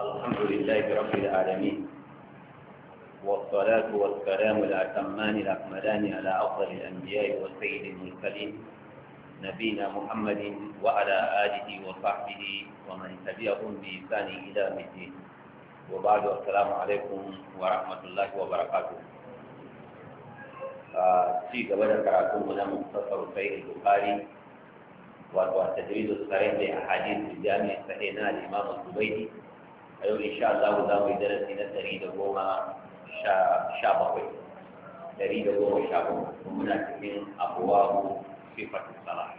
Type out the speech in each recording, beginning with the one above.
الحمد لله رب العالمين والصلاة والسلام الأتمان الأكملان على أفضل الأنبياء والسيد المرسلين نبينا محمد وعلى آله وصحبه ومن تبعهم بإحسان إلى الدين وبعد السلام عليكم ورحمة الله وبركاته آه، في gaba كراتون karatunmu مختصر في البخاري al الصحيح لأحاديث الجامع tajridu الإمام الزبيدي a yau in Allah za mu yi darasi na ɗari da goma sha bakwai ɗari da goma sha bakwai muna cikin abuwahu sifatu sala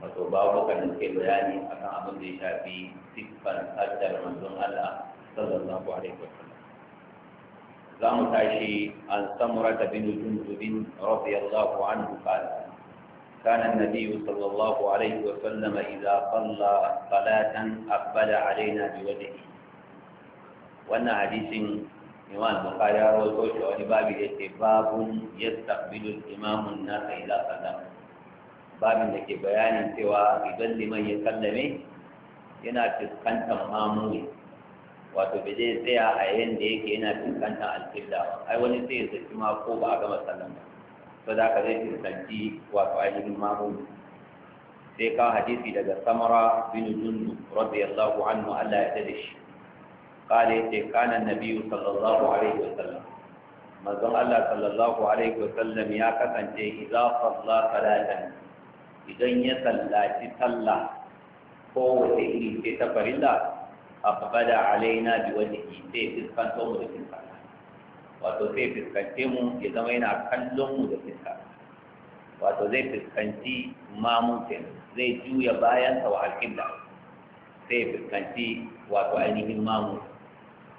wato babu kan da ke bayani akan abin da ya shafi siffar hajjar manzon Allah sallallahu alaihi wa sallam za mu tashi an samura ta bin jundubin radiyallahu anhu qala كان النبي صلى الله عليه وسلم إذا صلى صلاة أقبل علينا بوجهه wannan hadisin imam bukhari ya rawaito shi wani babu da yake babun yastaqbilu imamun na ila sallama babin da ke bayanin cewa idan liman ya sallame yana fuskantar mamuni wato bai zai tsaya a yayin da yake yana fuskantar alƙibla ai wani sai ya zaci ma ko ba a gama sallan ba to da ka zai fuskanci wato ainihin mamuni sai ka hadisi daga samara bin jundu radiyallahu anhu Allah ya tada shi قال كان النبي صلى الله عليه وسلم manzon Allah sallallahu alaihi wasallam ya kasance idza salla salatan idan ya sallaci sallah ko wace iri ce ta farilla aqbala alaina bi wajhihi sai fiskanto mu da fiska wato sai fiskance mu ya zama yana kallon mu da fiska wato zai fiskanci mamun kenan zai juya bayan sa wa alqibla sai fiskanci wato ainihin mamun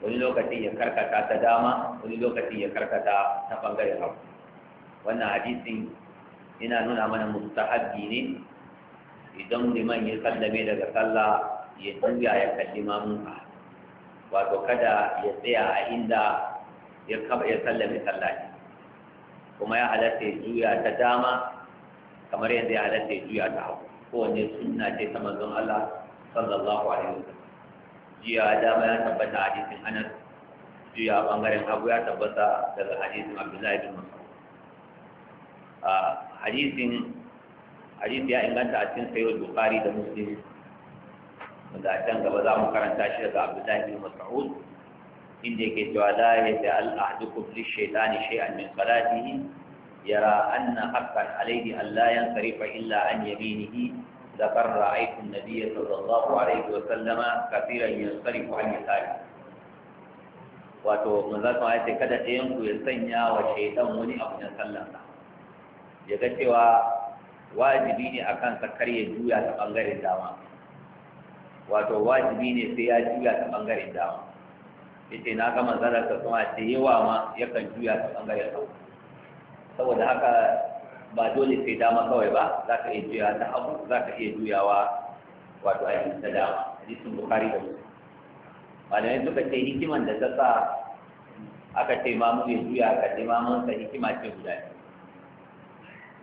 wani lokacin ya karkata ta dama wani lokacin ya karkata ta bangare hagu wannan hadisin yana nuna mana mustahabbi ne idan liman ya sallame daga sallah ya juya ya kalli mamunka wato kada ya tsaya a inda ya kaba ya sallame sallah kuma ya halatta ya juya ta dama kamar yadda ya halatta ya juya ta hagu kowanne sunna ce ta manzon Allah sallallahu alaihi wasallam jiya dama ya tabbata a hadisin anas jiya a bangaren hagu ya tabbata daga hadisin abdullahi bin mas'ud a hadisin hadisi ya inganta a cikin sayyid bukhari da muslim daga can gaba za mu karanta shi daga abdullahi bin mas'ud inda yake cewa la fili ahdukum lish-shaytani shay'an min salatihi yara anna haqqan alayhi an la yansarifa illa an yaminihi لقد رأيت النبي صلى الله عليه وسلم كثيرا ينصرف عن يساره wato manzan sama ya kada ɗayan ku ya sanya wa shaidan wani abu na sallansa ya ga cewa wajibi ne a kansa kar ya juya ta ɓangaren dama wato wajibi ne sai ya juya ta ɓangaren dama ya ce na ga ka kuma ce yawa ma yakan juya ta ɓangaren dama saboda haka ba dole sai dama kawai ba za ka iya juya ta hagu za ka iya juyawa wato ainihin ta dama hadisin bukari da musu malamai suka ce hikiman da ta sa aka ce mamu ya juya aka ce mun sa hikima ce guda biyu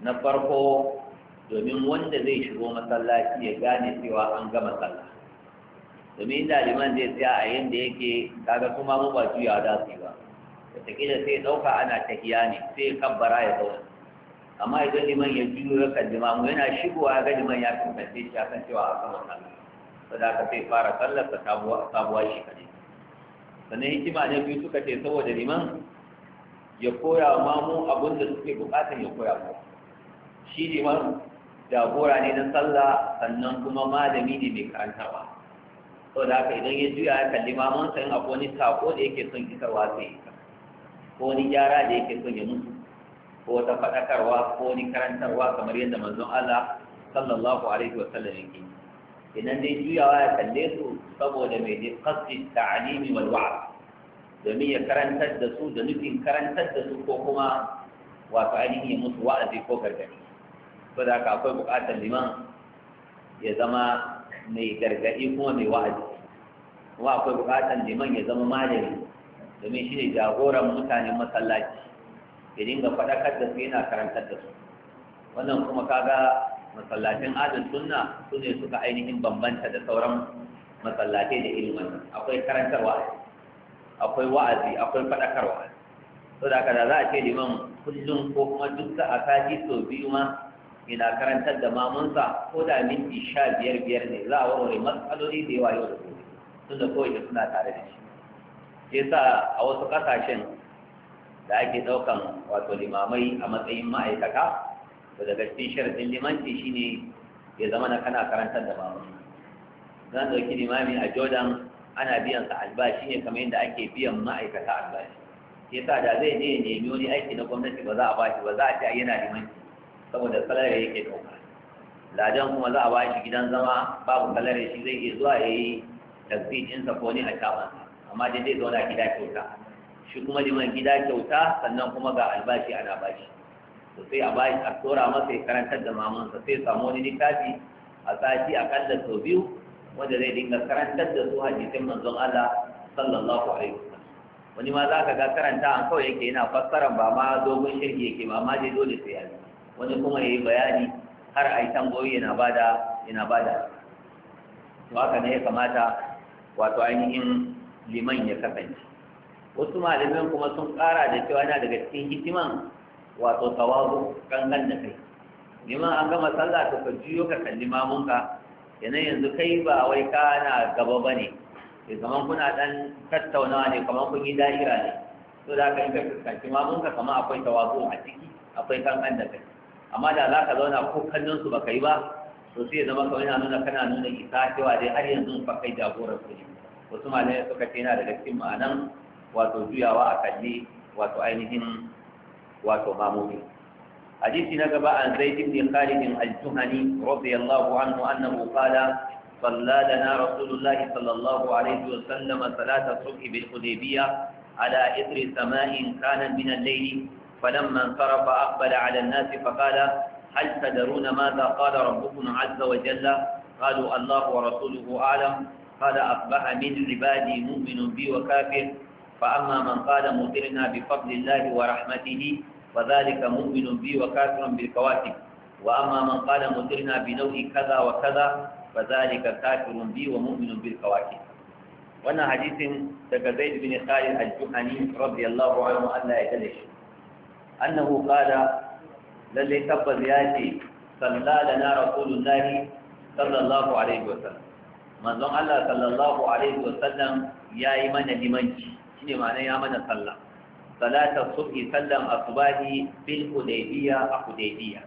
na farko domin wanda zai shigo masallaci ya gane cewa an gama sallah domin inda liman zai tsaya a yanda yake kaga kuma mu ba juya da su ba wataƙila sai ɗauka ana tahiya ne sai kabbara ya zauna amma idan liman ya juyo ya kalli mamu yana shigowa ga liman ya kankance shi akan cewa a kan wannan saboda ka sai fara sallar ta sabuwa shi kaɗai sannan hikima na biyu suka ce saboda liman ya koya wa mamu abin da suke bukatan ya koya ko shi liman jagora ne na sallah sannan kuma malami ne mai karantarwa saboda haka idan ya juya ya kalli mamansa in akwai wani sako da yake son isarwa sai ko wani gyara da yake son ya mutu ko wata faɗakarwa ko wani karantarwa kamar yadda manzon Allah sallallahu alaihi wa sallam yake idan dai juyawa ya kalle su saboda mai ne qasdi ta'limi wal wa'd domin ya karantar da su da nufin karantar da su ko kuma wato ainihin ya musu wa'azi ko gargadi ko da haka akwai buƙatar liman ya zama mai gargadi kuma mai wa'azi kuma akwai buƙatar liman ya zama malami domin shi ne jagoran mutanen masallaci ya dinga faɗakar da su yana karantar da su wannan kuma kaga masallacin adin sunna su ne suka ainihin bambanta da sauran masallace da ilimin wannan akwai karantarwa akwai wa'azi akwai faɗakarwa to da kada za a ce liman kullum ko kuma duk a sati so biyu ma yana karantar da mamunsa ko da minti sha biyar biyar ne za a warware matsaloli da yawa yau da gobe tunda kawai da suna tare da shi yasa a wasu ƙasashen da ake ɗaukan wato limamai a matsayin ma'aikata to daga cikin sharaɗin limanci shine ya zama na kana karantar da mamuni zan ɗauki limami a jordan ana biyan sa albashi ne kamar yadda ake biyan ma'aikata albashi ke sa da zai ne ya nemi wani aiki na gwamnati ba za a bashi ba za a ce yana limanci saboda salari yake ɗauka ladan kuma za a bashi gidan zama babu salari shi zai iya zuwa ya yi tasbih ɗinsa ko ne a shabansa amma dai zai zauna gida kyauta shi kuma liman gida kyauta sannan kuma ga albashi ana bashi to sai a bashi a tora masa ya karantar da mamansa sai samu wani littafi a sati kalla sau biyu wanda zai dinga karantar da su hadisin manzon Allah sallallahu alaihi wasallam wani ma za ka ga karanta an kawai yake yana fassara? ba ma dogon shirki yake ba ma dai dole sai ya wani kuma yayi bayani har a yi tambayoyi yana bada yana bada to haka ne ya kamata wato ainihin liman ya kasance wasu malamin kuma sun ƙara da cewa yana daga cikin hikiman wato tawazu kankan da kai neman an gama sallah to ka juyo ka kalli mamunka yana yanzu kai ba wai kana gaba ba ne zaman kuna dan tattaunawa ne kamar kun yi da'ira ne to da ka yi ka fuskanci mamunka kamar akwai tawazu a ciki akwai kankan da kai amma da za ka zauna ko kallon su baka yi ba to sai zama kawai yana nuna kana nuna isa cewa dai har yanzu ba kai jagorar su ne wasu malamai suka ce yana daga cikin ma'anan wato juyawa a kalli wato ainihin wato mamuni hadisi na gaba an zaid ibn khalid al-juhani radiyallahu anhu annahu qala صلى لنا رسول الله صلى الله عليه وسلم صلاة الصبح بالحديبية على إثر سماء كان من الليل فلما انصرف أقبل على الناس فقال هل تدرون ماذا قال ربكم عز وجل قالوا الله ورسوله أعلم قال أصبح من عبادي مؤمن بي وكافر فأما من قال مطرنا بفضل الله ورحمته فذلك مؤمن بي وكافر بالكواكب وأما من قال مطرنا بنوع كذا وكذا فذلك كافر بي ومؤمن بالكواكب wannan hadisin daga zaid bin khalid al-juhani radiyallahu anhu Allah ya kade shi annahu qala lalle tabbas ya ce sallala na rasulullahi sallallahu alaihi wa sallam manzon Allah sallallahu alaihi wa sallam mana limanci shine ma'ana ya mana sallah salata subhi sallan asbahi bil hudaybiya a hudaybiya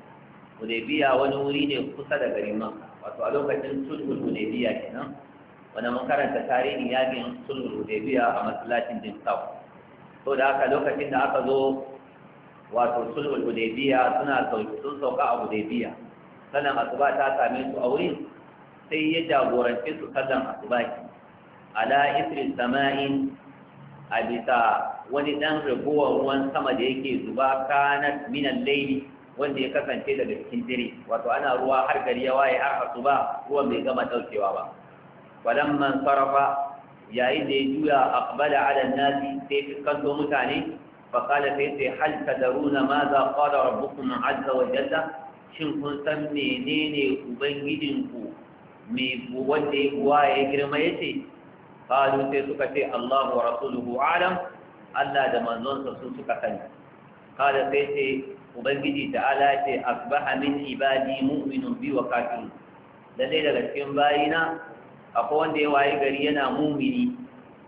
hudaybiya wani wuri ne kusa da garin makka wato a lokacin sulhul hudaybiya kenan wanda mun karanta tarihin yakin sulhul hudaybiya a masallacin din sau to da haka lokacin da aka zo wato sulhul hudaybiya suna sun sauka a hudaybiya sallan asuba ta same su a wurin sai ya jagorance su sallan asuba ala isri sama'in a bisa wani ɗan ragowar ruwan sama da yake zuba kanat minan laili wanda ya kasance daga cikin dare wato ana ruwa har gari ya waye har hasu ba ruwan bai gama ɗaukewa ba falamman sarafa yayin da ya juya aqbala ala nasi sai fuskanto mutane faƙala sai sai hal tadaruna ma za qala rabbukum azza wa jalla shin kun san menene ubangijinku me wanda ya girma yace qalu sai suka ce Allahu wa rasuluhu alam Allah da manzonsa su suka sani Kada sai ce ubangiji ta'ala ce asbaha min ibadi mu'minun bi wa kafirun lalle daga cikin bayina akwai wanda ya waye gari yana mumini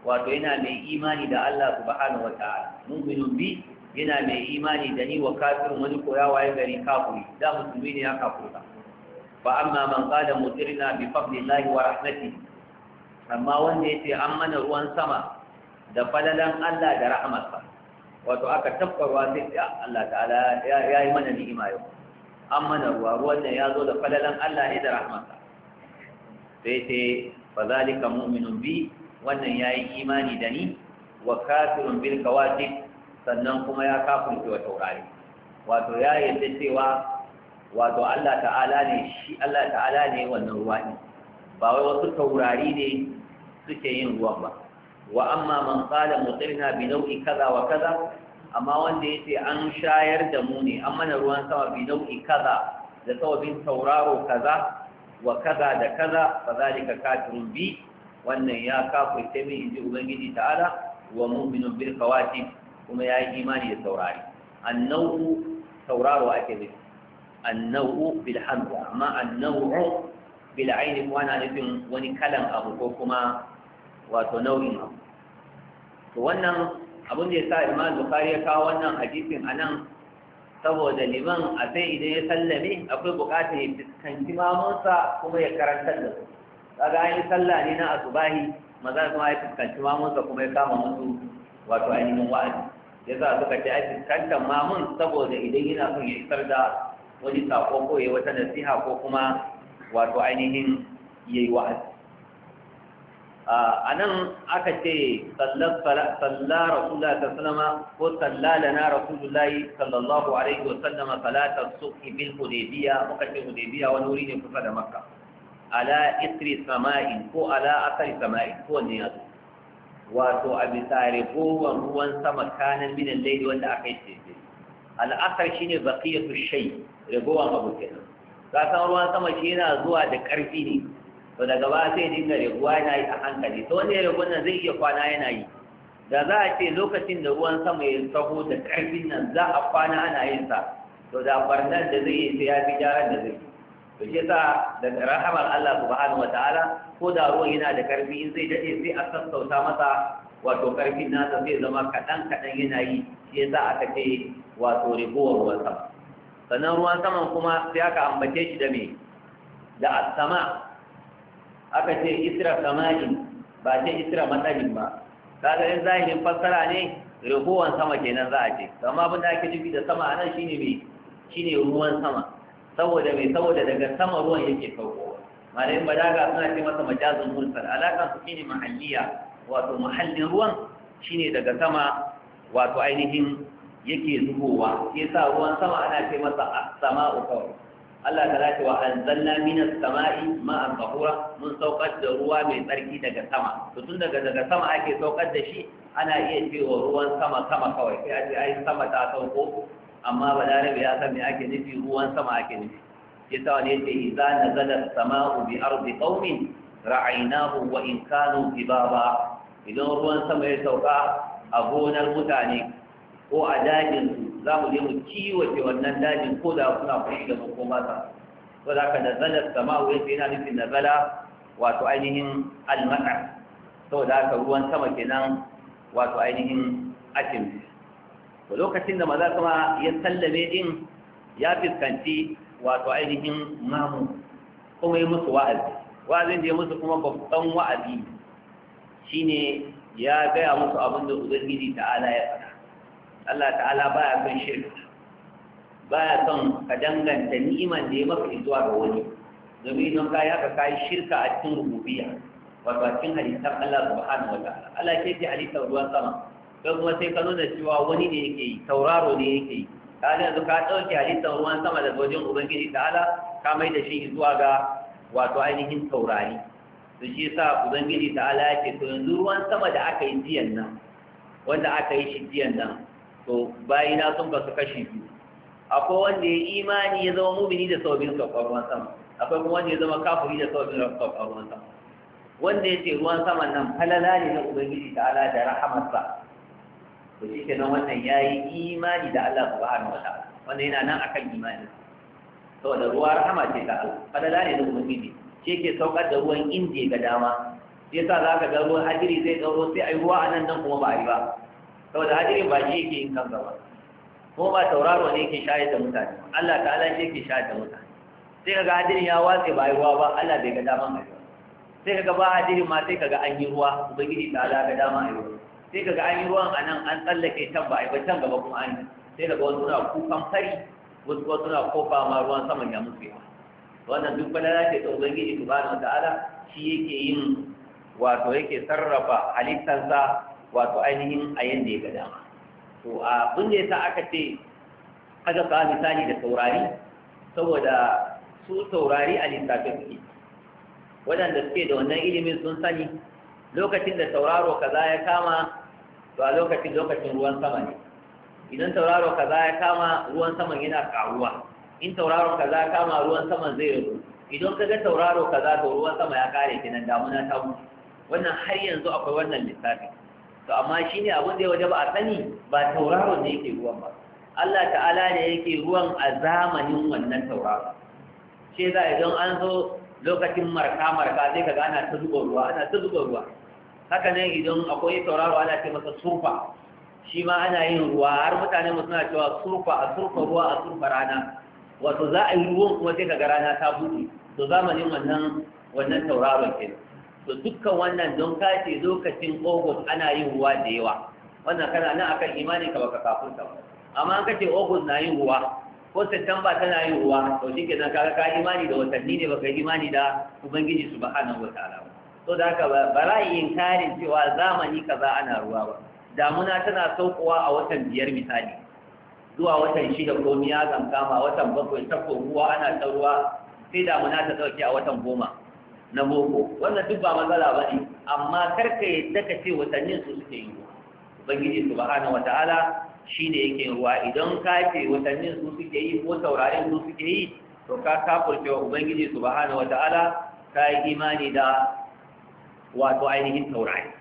wato yana mai imani da Allah subhanahu wata'ala mu'minun bi yana mai imani da ni wa kafirin wani ko ya waye gari kafiri da musulmi ne ya kafirta fa amma man qala mutirna bi fadlillahi wa rahmatihi amma wanda ya ce an mana ruwan sama da falalan Allah da rahamarsa wato aka tafka ruwa sai ya Allah ta'ala ya yi mana ni'ima yau an mana ruwa ruwan nan ya zo da falalan Allah ne da rahamarsa sai ce fa zalika mu'minun bi wannan yayi imani da ni wa kafirun bil kawatib sannan kuma ya kafirce wa taurari wato ya yarda cewa wato Allah ta'ala ne shi Allah ta'ala ne wannan ruwa ne ba wai wasu taurari ne suke yin ruwan ba wa amma man qala mutirna bi nau'i kaza wa kaza amma wanda yace an shayar da mu ne an mana ruwan sama bi nau'i kaza da sababin tauraro kaza wa kaza da kaza fa zalika kafirun bi wannan ya kafirce min inji ubangiji ta'ala wa mu'minun bil qawatim kuma yayi imani da taurari annau tauraro ake nufi annau bil hamza amma annau bil aini ana nufin wani kalan abu ko kuma wato nauyin abu to wannan abin da ya sa imam bukari ya kawo wannan hadisin a nan saboda liman a sai idan ya sallame akwai bukatar ya fuskanci mamunsa kuma ya karantar da su kaga an yi sallah ne na asubahi maza kuma ya fuskanci mamunsa kuma ya kama musu wato ainihin wa'azi ya sa suka ce a fuskantar mamun saboda idan yana son ya isar da wani sako ko ya wata nasiha ko kuma wato ainihin ya yi wa'azi a nan aka ce salla rasulullah ta sallama ko salla lana rasulullahi sallallahu alaihi wa sallama Salata, suki Ibil, hudaybiya muka ce hudaybiya wani wuri ne kusa da makka ala isri sama'in ko ala asari sama'in ko wanne ya wato a bisa ragowar ruwan sama kanan minan laili wanda aka yi tefe al'asar shi ne baqiyatu shay ragowar abu kenan ka san ruwan sama shi yana zuwa da karfi ne to daga ba sai dinga raguwa yana yi a hankali to wanda ya yi nan zai iya kwana yana yi da za a ce lokacin da ruwan sama ya taho da karfin nan za a kwana ana yin sa to da barnar da zai yi sai ya fi jarar da zai to shi yasa da rahamar Allah subhanahu wataala ko da ruwan yana da karfi in zai dade sai a sassauta masa wato ƙarfin nasa zai zama kaɗan kaɗan yana yi shi yasa aka ce wato rigowar ruwan sama sannan ruwan saman kuma sai aka ambace shi da me da asama aka ce isra sama'in ba ce isra matsarin ba kaga yin zahirin fassara ne rubuwan sama kenan za a ce amma abin da ake nufi da sama a nan shine mai shine ruwan sama saboda mai saboda daga sama ruwan yake saukowa malai balaga suna ce masa majazin mursal alakan su shine mahalliya wato muhallin ruwan shine daga sama wato ainihin yake zubowa sa ruwan sama ana ce masa samau kawai Allah ta lati wa anzalna minas sama'i ma'an tahura mun saukar da ruwa mai tsarki daga sama to tun daga daga sama ake saukar da shi ana iya cewa ruwan sama sama kawai sai a ce ai sama ta sauko amma balarabe ya san me ake nufi ruwan sama ake nufi yasa wani yace idza nazala as-sama'u bi ardi qaumin ra'aynahu wa in kanu idan ruwan sama ya sauka a gonar mutane ko a dajin za mu je mu kiwace wannan dajin ko da kuna kushi da mu ko mata to da ka nazala sama'u yace na nufin nazala wato ainihin al-matar saboda haka ruwan sama kenan wato ainihin akin to lokacin da maza kuma ya sallame din ya fiskanci wato ainihin mamu kuma yi musu wa'azi wa'azin da ya musu kuma babban wa'azi shine ya gaya musu abin da ubangiji ta'ala ya faɗa Allah ta'ala baya son shirka ya son ka danganta ni'iman da ya maka izuwa ga wani domin don ka yaka ka yi shirka a cikin rububiya wato a cikin halittar Allah subhanahu wa ta'ala Allah ke ce halittar ruwan sama don kuma sai ka nuna cewa wani ne yake yi tauraro ne yake yi ka yanzu ka ɗauke halittar ruwan sama daga wajen ubangiji ta'ala ka mai da shi zuwa ga wato ainihin taurari to shi yasa ubangiji ta'ala ya ce to yanzu ruwan sama da aka yi jiyan nan wanda aka yi shi jiyan nan to na sun basu kashi biyu akwai wanda ya imani ya zama mumini da sababin saukar ruwan sama akwai kuma wanda ya zama kafuri da sababin saukar ruwan sama wanda ya ce ruwan sama nan halala ne na ubangiji ta ala da rahamarsa to shi kenan wannan ya yi imani da allah su ba'a wata, wanda yana nan akan imani saboda ruwa rahama ce ta allah halala ne na ubangiji shi ke saukar da ruwan indiya ga dama shi yasa za ka ga ruwan hajiri zai ɗauro sai a yi ruwa a nan nan kuma ba a yi ba saboda hadirin ba shi yake yin kansa ba ko ba tauraro ne yake shayar da mutane Allah ta'ala shi yake shayar da mutane sai kaga hadirin ya watse ba yi ruwa ba Allah bai ga daman ayi sai kaga ba hadirin ma sai kaga an yi ruwa ubangiji ala ga dama ayi sai kaga an yi ruwan anan an tsallake can ba ayi ba can gaba kuma an yi sai daga wasu suna kukan fari wasu kuma suna kofa ma ruwan saman ya musu yawa wannan duk bala ce ta ubangiji subhanahu ala shi yake yin wato yake sarrafa halittarsa wato ainihin a yanda ya ga dama to bunda ya sa aka ce aka kawo misali da taurari saboda su taurari a lissafe suke waɗanda suke da wannan ilimin sun sani lokacin da tauraro kaza ya kama to a lokacin lokacin ruwan sama ne idan tauraro kaza ya kama ruwan saman yana karuwa in tauraro kaza ya kama ruwan saman zai rabu idan ka ga tauraro kaza to ruwan sama ya kare kenan damuna ta wuce wannan har yanzu akwai wannan lissafi to amma shi ne abin da ya waje ba a sani ba tauraron ne yake ruwan ba Allah ta'ala ne yake ruwan a zamanin wannan tauraron ce za idan an zo lokacin marka marka sai kaga ana ta zuba ruwa ana ta zuba ruwa haka ne idan akwai tauraro ana ce masa surfa shi ma ana yin ruwa har mutane mu suna cewa surfa a surfa ruwa a surfa rana wato za a yi ruwan kuma sai kaga rana ta buɗe to zamanin wannan wannan tauraron kenan to dukkan wannan don ka ce lokacin Ogos ana yin ruwa da yawa wannan kana nan akan imani ka baka kafin ba amma an kace Ogos na yin ruwa ko satamba tana yin ruwa to shi nan kaga ka imani da watanni ne baka imani da ubangiji subhanahu wa ba to da haka bara yin karin cewa zamani kaza ana ruwa ba damuna tana saukowa a watan biyar misali zuwa watan shida ko miya kama watan bakwai takwas ruwa ana ta ruwa sai damuna ta dauke a watan goma na boko wannan duk ba matsala ba ne amma karka yadda ka ce watannin su suke yi ruwa ubangiji subhanahu wataala ne yake ruwa idan ka ce watannin su suke yi ko taurarin su suke yi to ka kafurce wa ubangiji subhanahu wataala ka yi imani da wato ainihin taurari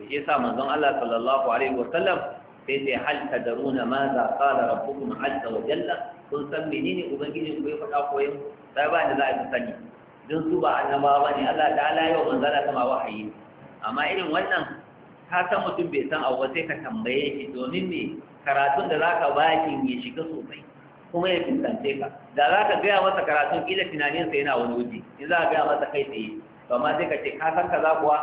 to shi yasa manzon Allah sallallahu alaihi wasallam sai sai hal tadaruna ma za qala rabbukum azza wajen jalla kun san menene ubangiji ku ya faɗa koyin sai ba da za a yi sani don su ba annaba ba ne Allah ala yau manzala sama wahayi amma irin wannan ka san mutum bai san abu sai ka tambaye shi domin me karatun da zaka baki ya shiga sosai kuma ya tuntance ka da zaka gaya masa karatun kila tunaninsa yana wani waje in za ka gaya masa kai tsaye to amma sai ka ce ka san kaza kuwa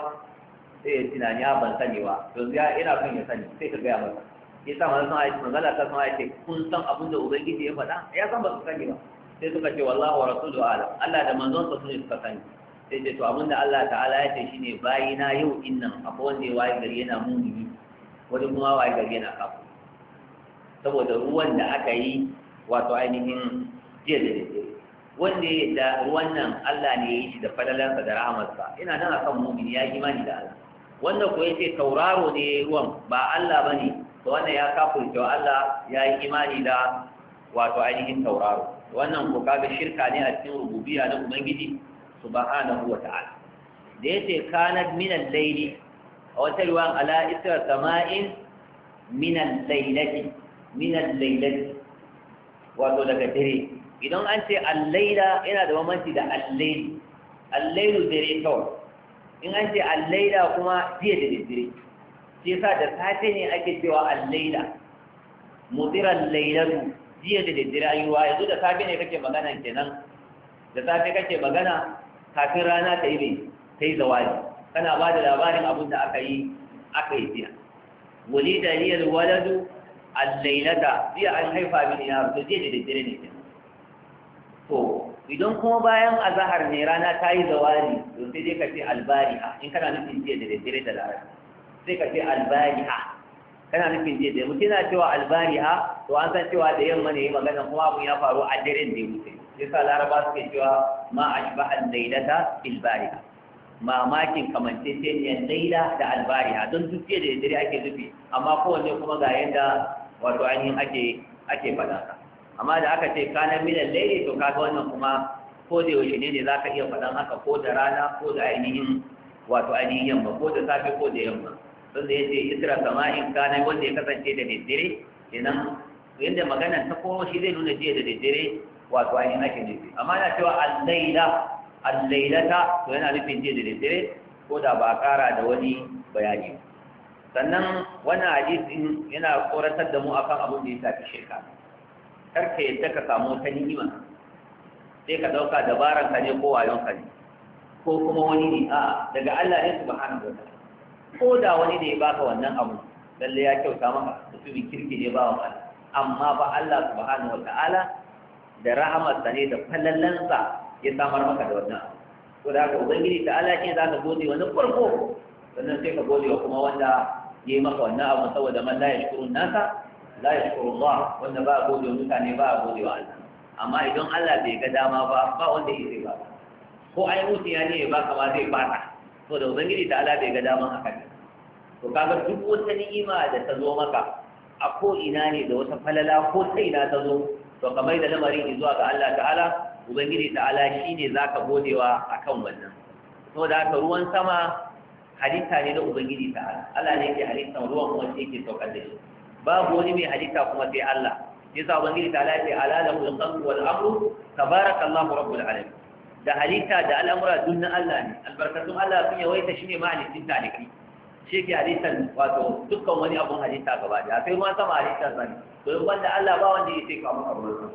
sai ya tunani a ah, ban sani ba to ya ina son ya sani sai ka gaya masa Ya yasa manzala ta sama ya ce kun san abin da ubangiji ya faɗa ya san ba su sani ba sai suka ce wallahu wa rasulu ala Allah da manzon sa sun suka sani sai ce to abinda Allah ta'ala ya ce shine bayi na yau innan akwai wanda ya waye gari yana mumini wani kuma waye gari yana kafu saboda ruwan da aka yi wato ainihin jiya da dare wanda da ruwan nan Allah ne ya yi shi da falalansa da rahamarsa ina nan akan mumini ya yi imani da Allah wanda ko yace tauraro ne ruwan ba Allah bane to wannan ya kafurce Allah ya yi imani da wato ainihin tauraro wannan ko kaga shirka ne a cikin rububiyya na ubangiji subhanahu wa ta'ala da yace kanat min al-layli a wata ruwan ala isra sama'in min al-laylati min al-laylati wato daga dare idan an ce al-layla yana da bambanci da al-layl al-laylu dare kawai in an ce al-layla kuma jiya da dare shi yasa da safe ne ake cewa al-layla mudira al-laylatu jiya da daddare an yi yanzu da safe ne kake magana kenan da safe kake magana kafin rana ta yi ta yi zawali kana ba da labarin abin da aka yi aka yi jiya wani da liyar waladu lailata jiya an haifa min ya to jiya da daddare ne kenan to idan kuma bayan azahar ne rana ta yi zawali to sai dai ka ce albariha in kana nufin jiya da daddare da larabci sai ka ce albariha kana nufin jiya da mutum yana cewa albari'a to an san cewa da yamma ne magana kuma abun ya faru a daren da ya wuce sai sa laraba suke cewa ma ashbaha al-lailata bil bari'a mamakin kamanceceniyar laila da albari'a don duk da dare ake zufi amma kowanne kuma ga yadda wato ainihin ake ake faɗa sa amma da aka ce kanan minan laili to kaga wannan kuma ko da yaushe ne ne za ka iya faɗan haka ko da rana ko da ainihin wato ainihin yamma ko da safe ko da yamma don da ya ce isra kama in kana wanda ya kasance da daddare kenan yadda magana ta komo shi zai nuna jiya da daddare wato ainihin ake nufi amma yana cewa allaila allailata to yana nufin jiya da daddare ko da ba kara da wani bayani sannan wannan hadisi yana koratar da mu akan abin da ya shafi shirka ka yadda ka samu wata ni'ima sai ka dauka dabaran ka ne ko wayon ka ne ko kuma wani ne a daga Allah ne subhanahu wa ta'ala ko da wani da ya baka wannan abu lalle ya kyauta maka mutumin kirki ne ba wa ba amma ba Allah subhanahu wa ta'ala da sa ne da falallansa ya samar maka da wannan abu da haka ubangiji ta'ala ce za ka gode wani farko sannan sai ka gode wa kuma wanda ya yi maka wannan abu saboda man la yashkurun nasa la yashkurun Allah wanda ba gode wa mutane ba a gode wa Allah amma idan Allah bai ga dama ba ba wanda ya zai ba ko ai mutum ya ne ba kama zai fata so da ubangiji ta ala bai ga daman hakan to kaga duk wata ni'ima da ta zo maka a ko ina ne da wata falala ko ta ina ta zo to kamar da lamarin zuwa ga Allah ta'ala ubangiji ala shine zaka godewa akan wannan saboda haka ruwan sama halitta ne na ubangiji ta'ala Allah ne yake halitta ruwan kuma shi yake saukar da shi babu wani mai halitta kuma sai Allah yasa ubangiji ta'ala ya ce ala lahu al-khalqu wal amru tabarakallahu rabbul alamin da halitta da al'amura duk na Allah ne albarkatun Allah sun yawaita shi ne mahalicin talibi shi ke halittar wato dukkan wani abun halitta gaba da sai ruwan sama halittar zane domin wanda Allah ba wanda ya sai ka muka ruwan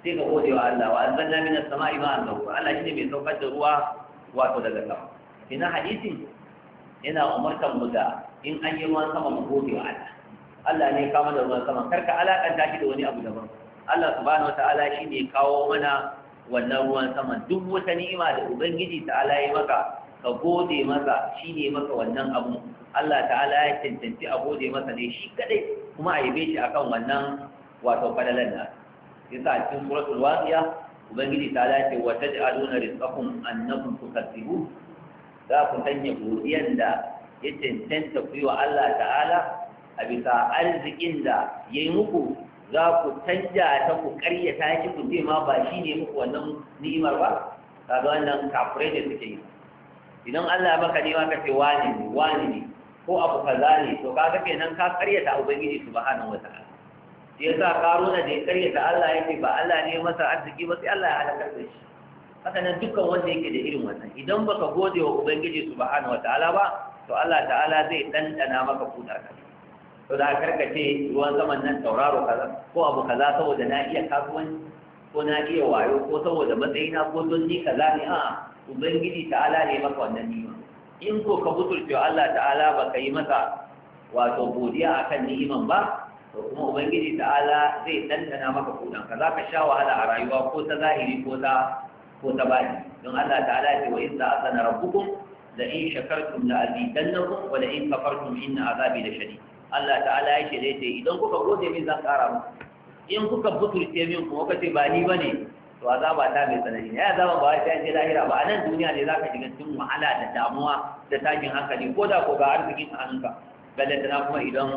sai ka gode wa Allah wa anzalna min as-sama'i ma'an zawwa Allah shine mai saukar da ruwa wato daga sama ina hadisin yana umartar mu da in an yi ruwan sama mu gode wa Allah Allah ne ya kawo da ruwan sama karka alakanta shi da wani abu daban Allah subhanahu wataala shine ya kawo mana wannan ruwan saman duk wata ni'ima da ubangiji ta'ala ya maka ka gode masa shine maka wannan abu Allah ta'ala ya cancanci a gode masa ne shi kadai kuma a yabe shi akan wannan wato fadalan nan yasa cikin suratul waqiya ubangiji ta'ala ce wa taj'aluna rizqakum annakum tukazzibun za ku sanya godiyan da ya cancanta ku yi wa Allah ta'ala a bisa arzikin da ya yi muku za ku canja ta ku ta shi ku ce ma ba shi ne muku wannan ni'imar ba ga wannan kafurai ne suke yi idan Allah maka ne ka ce wani ne wani ne ko abu kaza ne to ka ga kenan ka karya ta ubangiji subhanahu wataala shi yasa karuna da ya ta Allah yake ba Allah ne masa arziki ba sai Allah ya halaka da shi haka nan dukkan wanda yake da irin wannan idan baka gode wa ubangiji subhanahu wataala ba to Allah ta'ala zai dandana maka kuɗa ka to da karkace ruwan zaman nan tauraro kaza ko abu kaza saboda na iya kasuwanci ko na iya wayo ko saboda matsayina ko don ni kaza ne a ubangiji ta'ala ne maka wannan ni'ima in ko ka butulce Allah ta'ala ba ka yi masa wato godiya akan ni'iman ba to kuma ubangiji ta'ala zai dandana maka kudan ka za ka sha wahala a rayuwa ko ta zahiri ko ta ko ta bani don Allah ta'ala ce wa in ta'azana rabbukum da in shakartum la azidannakum wa la in kafartum inna azabi lashadid Allah ta'ala ya shirye ta idan kuka gode min zan kara muku in kuka butulce min kuma kace ba ni bane to azaba ta mai tsanani ya azaba ba ta je lahira ba a nan duniya ne zaka shiga cikin wahala da damuwa da takin hankali ko da ko ga arzikin hannunka balle tana kuma idan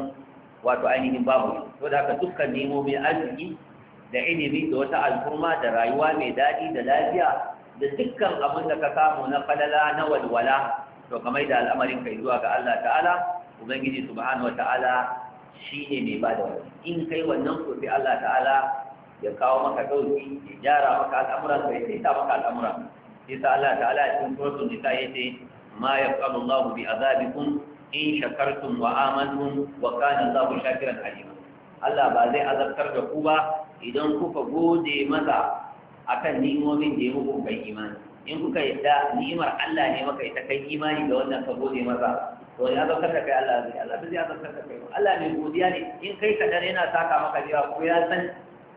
wato ainihin babu ko da haka dukkan nemomin arziki da ilimi da wata al'umma da rayuwa mai daɗi da lafiya da dukkan abin da ka samu na falala na walwala to kamar da al'amarin kai zuwa ga Allah ta'ala ubangiji subhanahu wataala shine mai ba da wani in kai wannan ko Allah ta'ala ya kawo maka dauki ya gyara maka al'amuran ka ya ta maka al'amuran sai Allah ta'ala ya cikin suratul nisa yace ma yaqulu Allahu bi azabikum in shakartum wa amantum wa kana Allahu shakiran alima Allah ba zai azabtar da ku ba idan kuka gode masa akan ni'imomin da ya muku kai imani in kuka yadda ni'imar Allah ne maka ita kai imani ga wannan ka gode masa Wani ya zartar da kai Allah zai Allah zai zartar da kai Allah mai godiya ne in kai ka dare yana saka maka jiwa ko ya san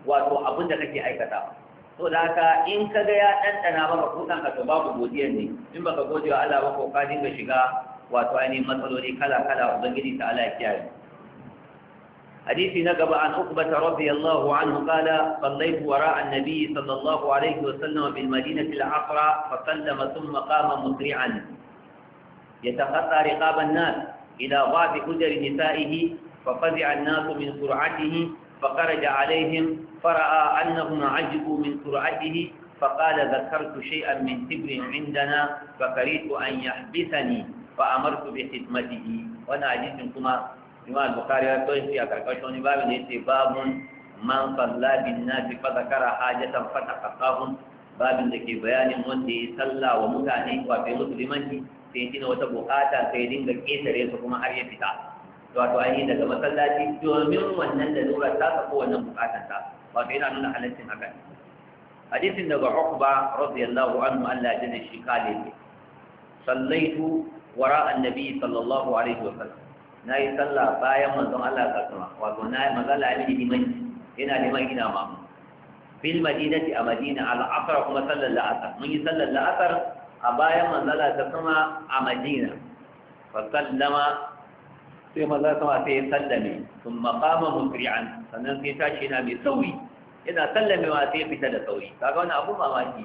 wato abin da kake aikata to da haka in ka ga ya ɗanɗana maka kuɗan ka to babu godiyar ne in baka gode wa Allah ba ko ka dinga shiga wato ainihin matsaloli kala kala ubangiji ta Allah ya kiyaye حديث نقب عن عقبة رضي الله عنه قال صليت وراء النبي صلى الله عليه وسلم بالمدينة العقرى فسلم ثم قام مسرعا يتقطع رقاب الناس إلى بعض حجر نسائه ففزع الناس من سرعته فخرج عليهم فرأى أنهم عجبوا من سرعته فقال ذكرت شيئا من تبر عندنا فكرهت أن يحبسني فأمرت بخدمته وأنا عزيز كما إمام البخاري يقول في أكركشون باب ليس باب من صلى بالناس فذكر حاجة فتقطعهم باب ذكي بيان من صلى ومتعني وفي مسلمته sai gina wata bukata sai dinga ƙetare su kuma har ya fita wato ainihin daga masallaci domin wannan da lura ta sako wannan bukatar ta wato yana nuna halaccin haka hadisin daga Uqba radiyallahu anhu Allah ya ji shi kale sallaitu wara annabi sallallahu alaihi wa sallam Na yi sallah bayan manzon Allah ka kuma wato nayi magana ne liman yana liman ina mamu fil madinati a madina al asr kuma sallar al asr mun yi sallar al asr a bayan manzala ta sama a madina fasallama sai manzala sama sai ya sallame sun makama musri'an sannan sai tashi yana mai sauri yana sallamewa sai ya fita da sauri kaga wani abu mamaki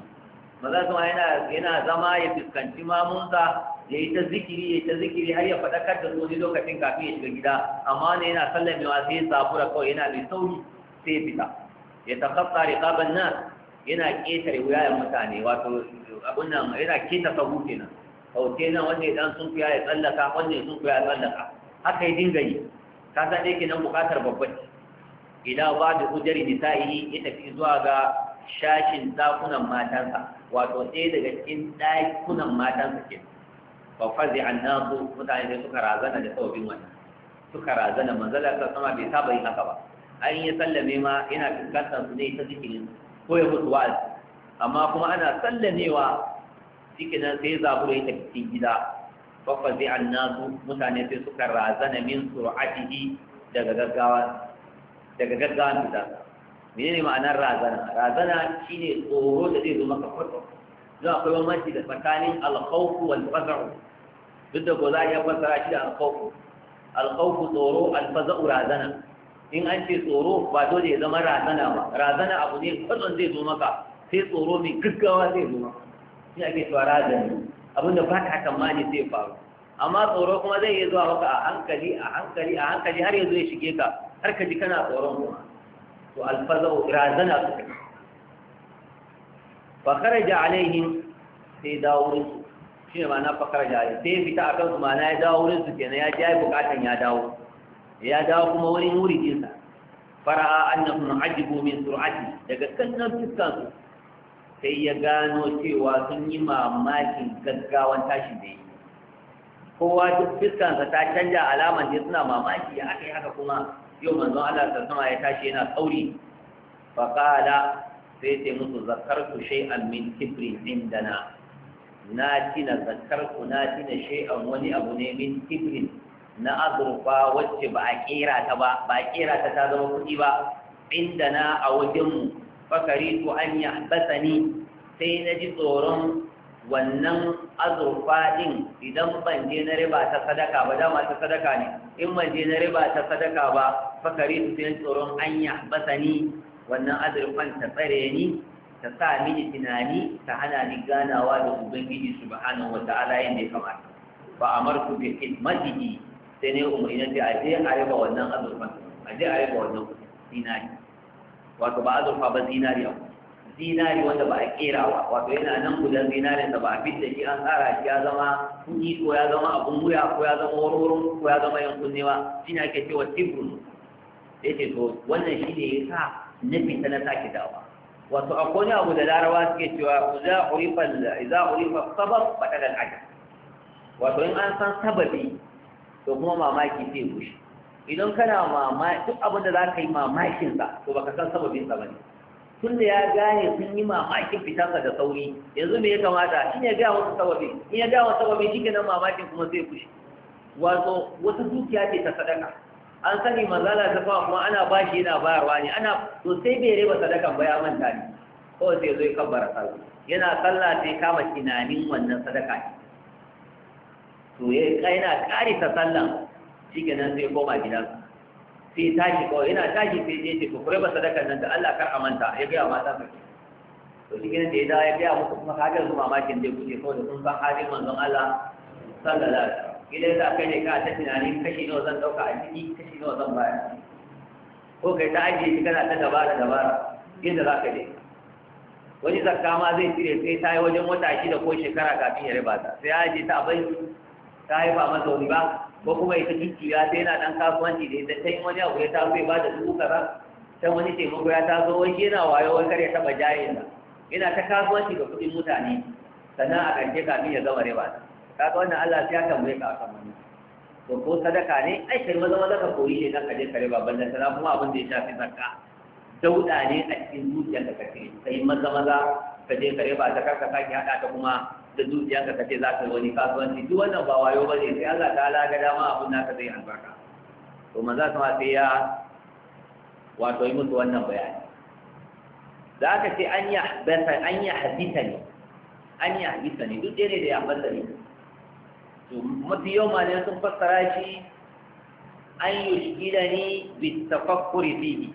manzala sama yana zama ya fuskanci mamunsa ya yi ta zikiri ya yi ta zikiri har ya faɗakar da su lokacin kafin ya shiga gida amma ne yana sallamewa sai ya sabura kawai yana mai sauri sai ya fita ya takafta riƙaɓar nan yana ƙetare wuyayen mutane wato abin nan yana keta sahu kenan kauce nan wanda ya dan fiya ya tsallaka wanda ya fiya ya tsallaka haka yi dinga yi ka san dai kenan buƙatar babban ila ba da ujari nisa'i ya tafi zuwa ga shashin dakunan matansa wato ɗaya daga cikin dakunan matansa ke fa fazi annasu mutane da suka razana da sabbin wannan suka razana manzala ta sama bai saba yin haka ba an yi sallame ma yana fuskantar su ne ta zikirin ko ya mutu wa'azi amma kuma ana sallamewa shike nan sai zabura ya tafi cikin gida fafazi annasu mutane sai suka razana min sur'atihi daga gaggawa daga gaggawa fita menene ma'anar razana razana shine tsoro da zai zo maka kwato don akwai bambanci da tsakanin alkhawfu wal faza'u duk da ko za a iya fassara shi da alkhawfu alkhawfu tsoro alfaza'u razana in an ce tsoro ba dole ya zama razana ba razana abu ne kwatsan zai zo maka sai tsoro mai gaggawa zai zo shi ake cewa razani abinda ba ka tsammani zai faru amma tsoro kuma zai iya zuwa maka a hankali a hankali a hankali har yanzu ya shige ka har ka ji kana tsoron kuma to alfazau razana su kai fakar da alaihin sai dawo wurin su shi ne ma'ana fakar da alaihin? sai fita a kansu ma'ana ya dawo wurin su kenan ya ji ya bukatan ya dawo ya dawo kuma wurin wurin jinsa fara'a annahum ajibu min sur'ati daga kannan fiskan sai ya gano cewa sun yi mamakin gaggawan tashi da yi kowa duk fiskansa ta canja alamar da suna mamaki ya aka yi haka kuma yau manzo Allah sama ya tashi yana tsauri qala sai ce musu zakartu shay'an min kibri indana na tina zakartu na tina shay'an wani abu ne min kibri na azurfa wacce ba a kera ta ba ba a kera ta ta zama kuɗi ba inda na a wajenmu fakari to an ya basani sai na ji tsoron wannan azurfa din idan ban je na riba ta sadaka ba dama ta sadaka ne in ban je na riba ta sadaka ba fakari to sai tsoron an ya basani wannan azurfan ta tsare ni ta sa mini tunani ta hana ni ganawa da ubangiji subhanahu wata'ala yadda ya kamata fa amartu bi khidmatihi sai ne umarni na ce a je a riba wannan azurfan a je a riba wannan kuɗi na ne wato ba azurfa ba zinariya zinari wanda ba a kerawa wato yana nan gudan zinari da ba a fitta shi an tsara shi ya zama kuɗi ko ya zama abun wuya ko ya zama warwaron ko ya zama yan kunnewa shi ne ake cewa tibrun ya ce to wannan shi ne ya sa na fita na sake dawa wato akwai wani abu da larawa suke cewa za urifa za urifa sabab badal al wato in an san sababi to kuma mamaki sai gushi idan kana mamaki duk abin da za ka yi mamakinsa to baka san sababinsa ba ne tun da ya gane sun yi mamakin fitarsa da sauri yanzu me ya kamata in ya gaya wasu sababi in ya gaya wasu sababi shi kenan mamakin kuma zai fushi wato wata dukiya ce ta sadaka an sani manzala ta fa kuma ana bashi yana bayarwa ne ana to sai bai raba sadakan ba ya manta ne kawai sai zo ya kabbara sallah yana sallah sai kama tunanin wannan sadaka ne to ya yana karita sallan shi nan sai koma gidansa sai tashi kawai yana tashi sai je ce kukure ba sadakar nan da Allah kar a manta ya gaya mata mai to shi kenan da ya dawo ya gaya muku kuma kajar su mamakin zai kuce kawai da sun san halin manzon Allah sallallahu alaihi wasallam idan za ka ne ka ta tunanin kashi nawa zan dauka a ciki kashi nawa zan bayar ko kai ta aje shi kana ta dabara dabara yadda za ka je wani zakka ma zai cire sai ta yi wajen wata shida ko shekara kafin ya riba ta sai ya ajiye ta a bai ta haifa masa wani ba ko kuma ita jujjuya ya yana ɗan kasuwanci da ita sai wani abu ya ta ya ba da dubu kaza sai wani taimako ya ta zo wai yana wayo wai kar ya taɓa ta, yana ta kasuwanci ga kuɗin mutane sannan a ƙarshe kafin ya gama riba ta ga wannan Allah sai ya tambaye ka akan wannan to ko sadaka ne ai kai maza maza ka koyi ne dan ka je ka riba banda sana kuma abin da ya shafi zakka dauda ne a cikin zuciyar da kake sai maza maza ka je ka riba ta karka sake hada ta kuma da ka kace za ka wani kasuwanci duk wannan ba wayo ne. sai Allah ta ala ga dama abun naka zai albarka to manzo sama sai ya wato yi musu wannan bayani Za ka ce an ya habita an ya habita ne an ya habita ne duk dare da ya habita ne to mafi yau ma ne sun fassara shi an yi shigida ne bi tafakkuri fihi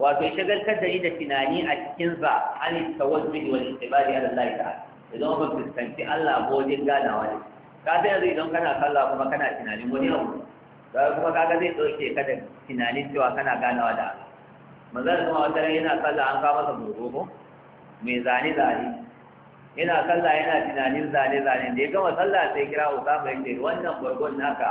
wato shagaltar da ni da tunani a cikinsa an yi tawajjuhi wal istibadi ala Allah ta'ala idan ba fuskanci Allah ko wajen ganawa ne ka san yanzu idan kana sallah kuma kana tunanin wani abu sai kuma kaga zai dauke ka da tunanin cewa kana ganawa da Allah manzon kuma wata ran yana sallah an kawo masa burgo mai zane zane yana sallah yana tunanin zane zane da ya gama sallah sai kira Usama yace wannan burgon naka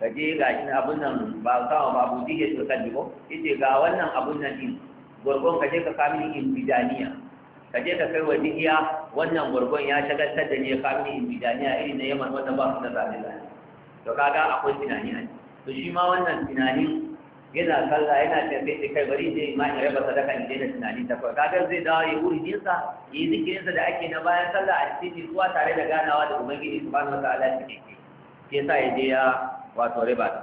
kaje ga shi abun nan ba kawo ba budi ya ka dibo yace ga wannan abun nan din ka kaje ka kawo ni in bidaniya ka je ka kai wa dihiya wannan gurgun ya shagaltar da ne kafin injidaniya irin na yaman wanda ba su da zaɓe ne to kaga akwai tunani a to shi ma wannan tunanin yana sallah yana tafiye da kai bari zai ma in raba sadaka in daina tunani ta kawai kaga zai dawo ya jinsa ya yi zikirinsa da ake na bayan sallah a cikin zuwa tare da ganawa da ubangiji subhanahu wa ta'ala cikin ke sa ya je ya wato riba ta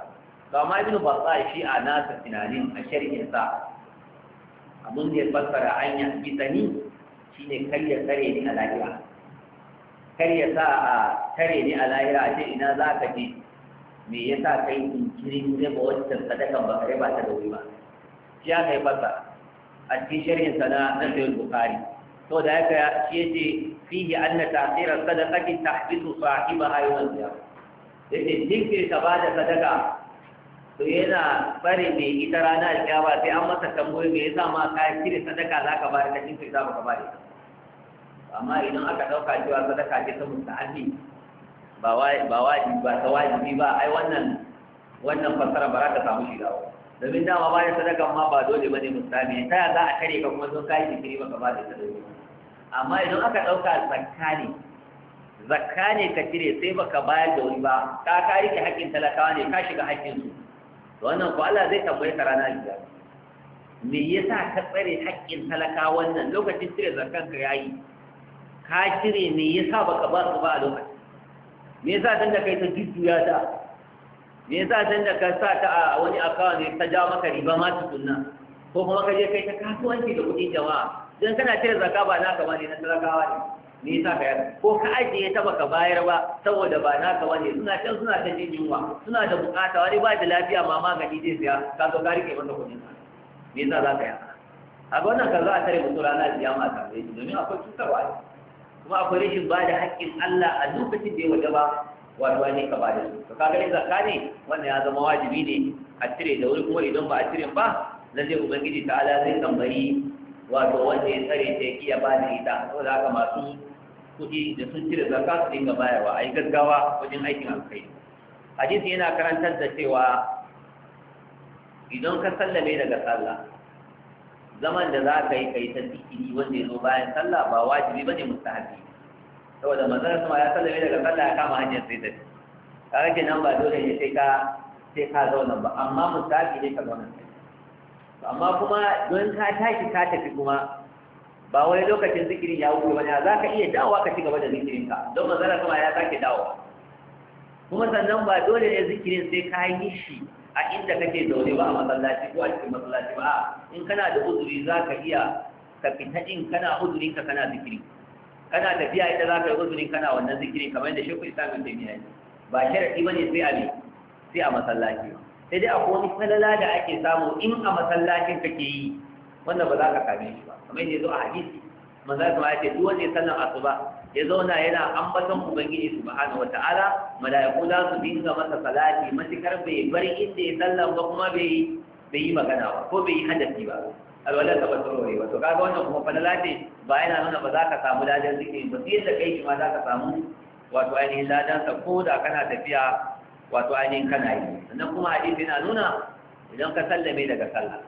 to amma ibnu basa shi a nasa tunanin a shari'in sa abun da ya fassara an yi bitani shi kar ya tsare ni a lahira kar ya sa a tare ni a lahira a ce ina za ka je me ya sa kai in kiri ne ba wancan sadakan ba kare ba ta da wuri ba shi ya kai fasa a cikin shirin sana na sayyid bukhari to da haka shi yace fihi anna ta'khira sadaqati tahbitu sahibaha yawm al-qiyamah yace jinkir ta ba da sadaka to yana bare mai ita rana alƙiyama sai an masa tambayoyi me yasa ma ka kire sadaka zaka ba da jinkir za ka ba da amma idan aka ɗauka cewa sadaka ce ta musta'abi ba wajibi ba ta wajibi ba ai wannan wannan fassara ba za ta samu shi dawo domin dama ba da sadaka ma ba dole bane musta'abi ta za a kare ka kuma zo kai jikiri baka ba da sadaka amma idan aka ɗauka zakka ne zakka ne ka cire sai baka bayar da wuri ba ka ka rike haƙƙin talakawa ne ka shiga haƙƙin su to wannan ko Allah zai tabbai ka rana jiya me yasa ka tsare haƙƙin talakawa wannan lokacin cire zakkan ka yayi ka cire me yasa baka ba su ba a lokaci me yasa dan da kai ta jujjuya ta me yasa dan da ka sa ta a wani akawa ne ta ja maka riba ma tunna ko kuma ka je kai ta kasuwanci da kuɗin jama'a Idan kana cire zaka ba naka ba ne na talakawa ne me yasa ka yar ko ka ajiye ta baka bayar ba saboda ba naka ba ne suna can suna ta jin yunwa suna da bukata wani ba da lafiya ma magani zai siya ka zo ka rike masa kuɗin ka me yasa za ka yar a ga wannan ka za a tare mutu ranar kiyama ta domin akwai cutarwa ne kuma akwai rashin ba da haƙƙin Allah a lokacin da ya waje ba wato ne ka ba da su to kaga ne zakka ne wannan ya zama wajibi ne a cire da wuri kuma idan ba a cire ba lalle ubangiji ta'ala zai tambayi wato wanda ya tsare ta ya ba da ita da haka masu kuɗi da sun cire zakka su dinga bayarwa Ayi yi gaggawa wajen aikin alkhairi hadisi yana karantar da cewa idan ka sallame daga sallah zaman da za ka yi ka yi ta zikiri wanda ya zo bayan sallah ba wajibi ba ne mustahabi saboda manzon sama ya sallame daga sallah ya kama hanyar sai da kaga kenan ba dole ne sai ka sai ka zauna ba amma mustahabi ne ka zauna amma kuma don ka tashi ka tafi kuma ba wani lokacin zikirin ya wuce wani za ka iya dawowa ka ci gaba da ka don manzara sama ya sake dawowa kuma sannan ba dole ne zikirin sai ka yi shi a inda kake zaune ba a masallaci ko a cikin masallaci ba in kana da uzuri za ka iya ka fita in kana uzurin ka kana zikiri kana tafiya inda za ka yi uzurin kana wannan zikirin kamar yadda shekul da ibn taymiya ne ba sharadi bane sai a me sai a masallaci sai dai akwai wani falala da ake samu in a masallacin kake yi wanda ba za ka same shi ba kamar yadda zo a hadisi manzon kuma ya ce duk wanda ya sallan asuba ya zauna yana ambaton ubangiji subhanahu wataala mala'iku za su dinga masa salati matukar bai bar inda ya sallan ba kuma bai bai yi magana ba ko bai yi hadasi ba alwala ka ba ta rore ba to kaga wannan kuma falala ce ba yana nuna ba za ka samu ladan zikirin ba sai da kai kuma za ka samu wato ainihin ladan sa ko da kana tafiya wato ainihin kana yi sannan kuma hadisi yana nuna idan ka sallame daga sallah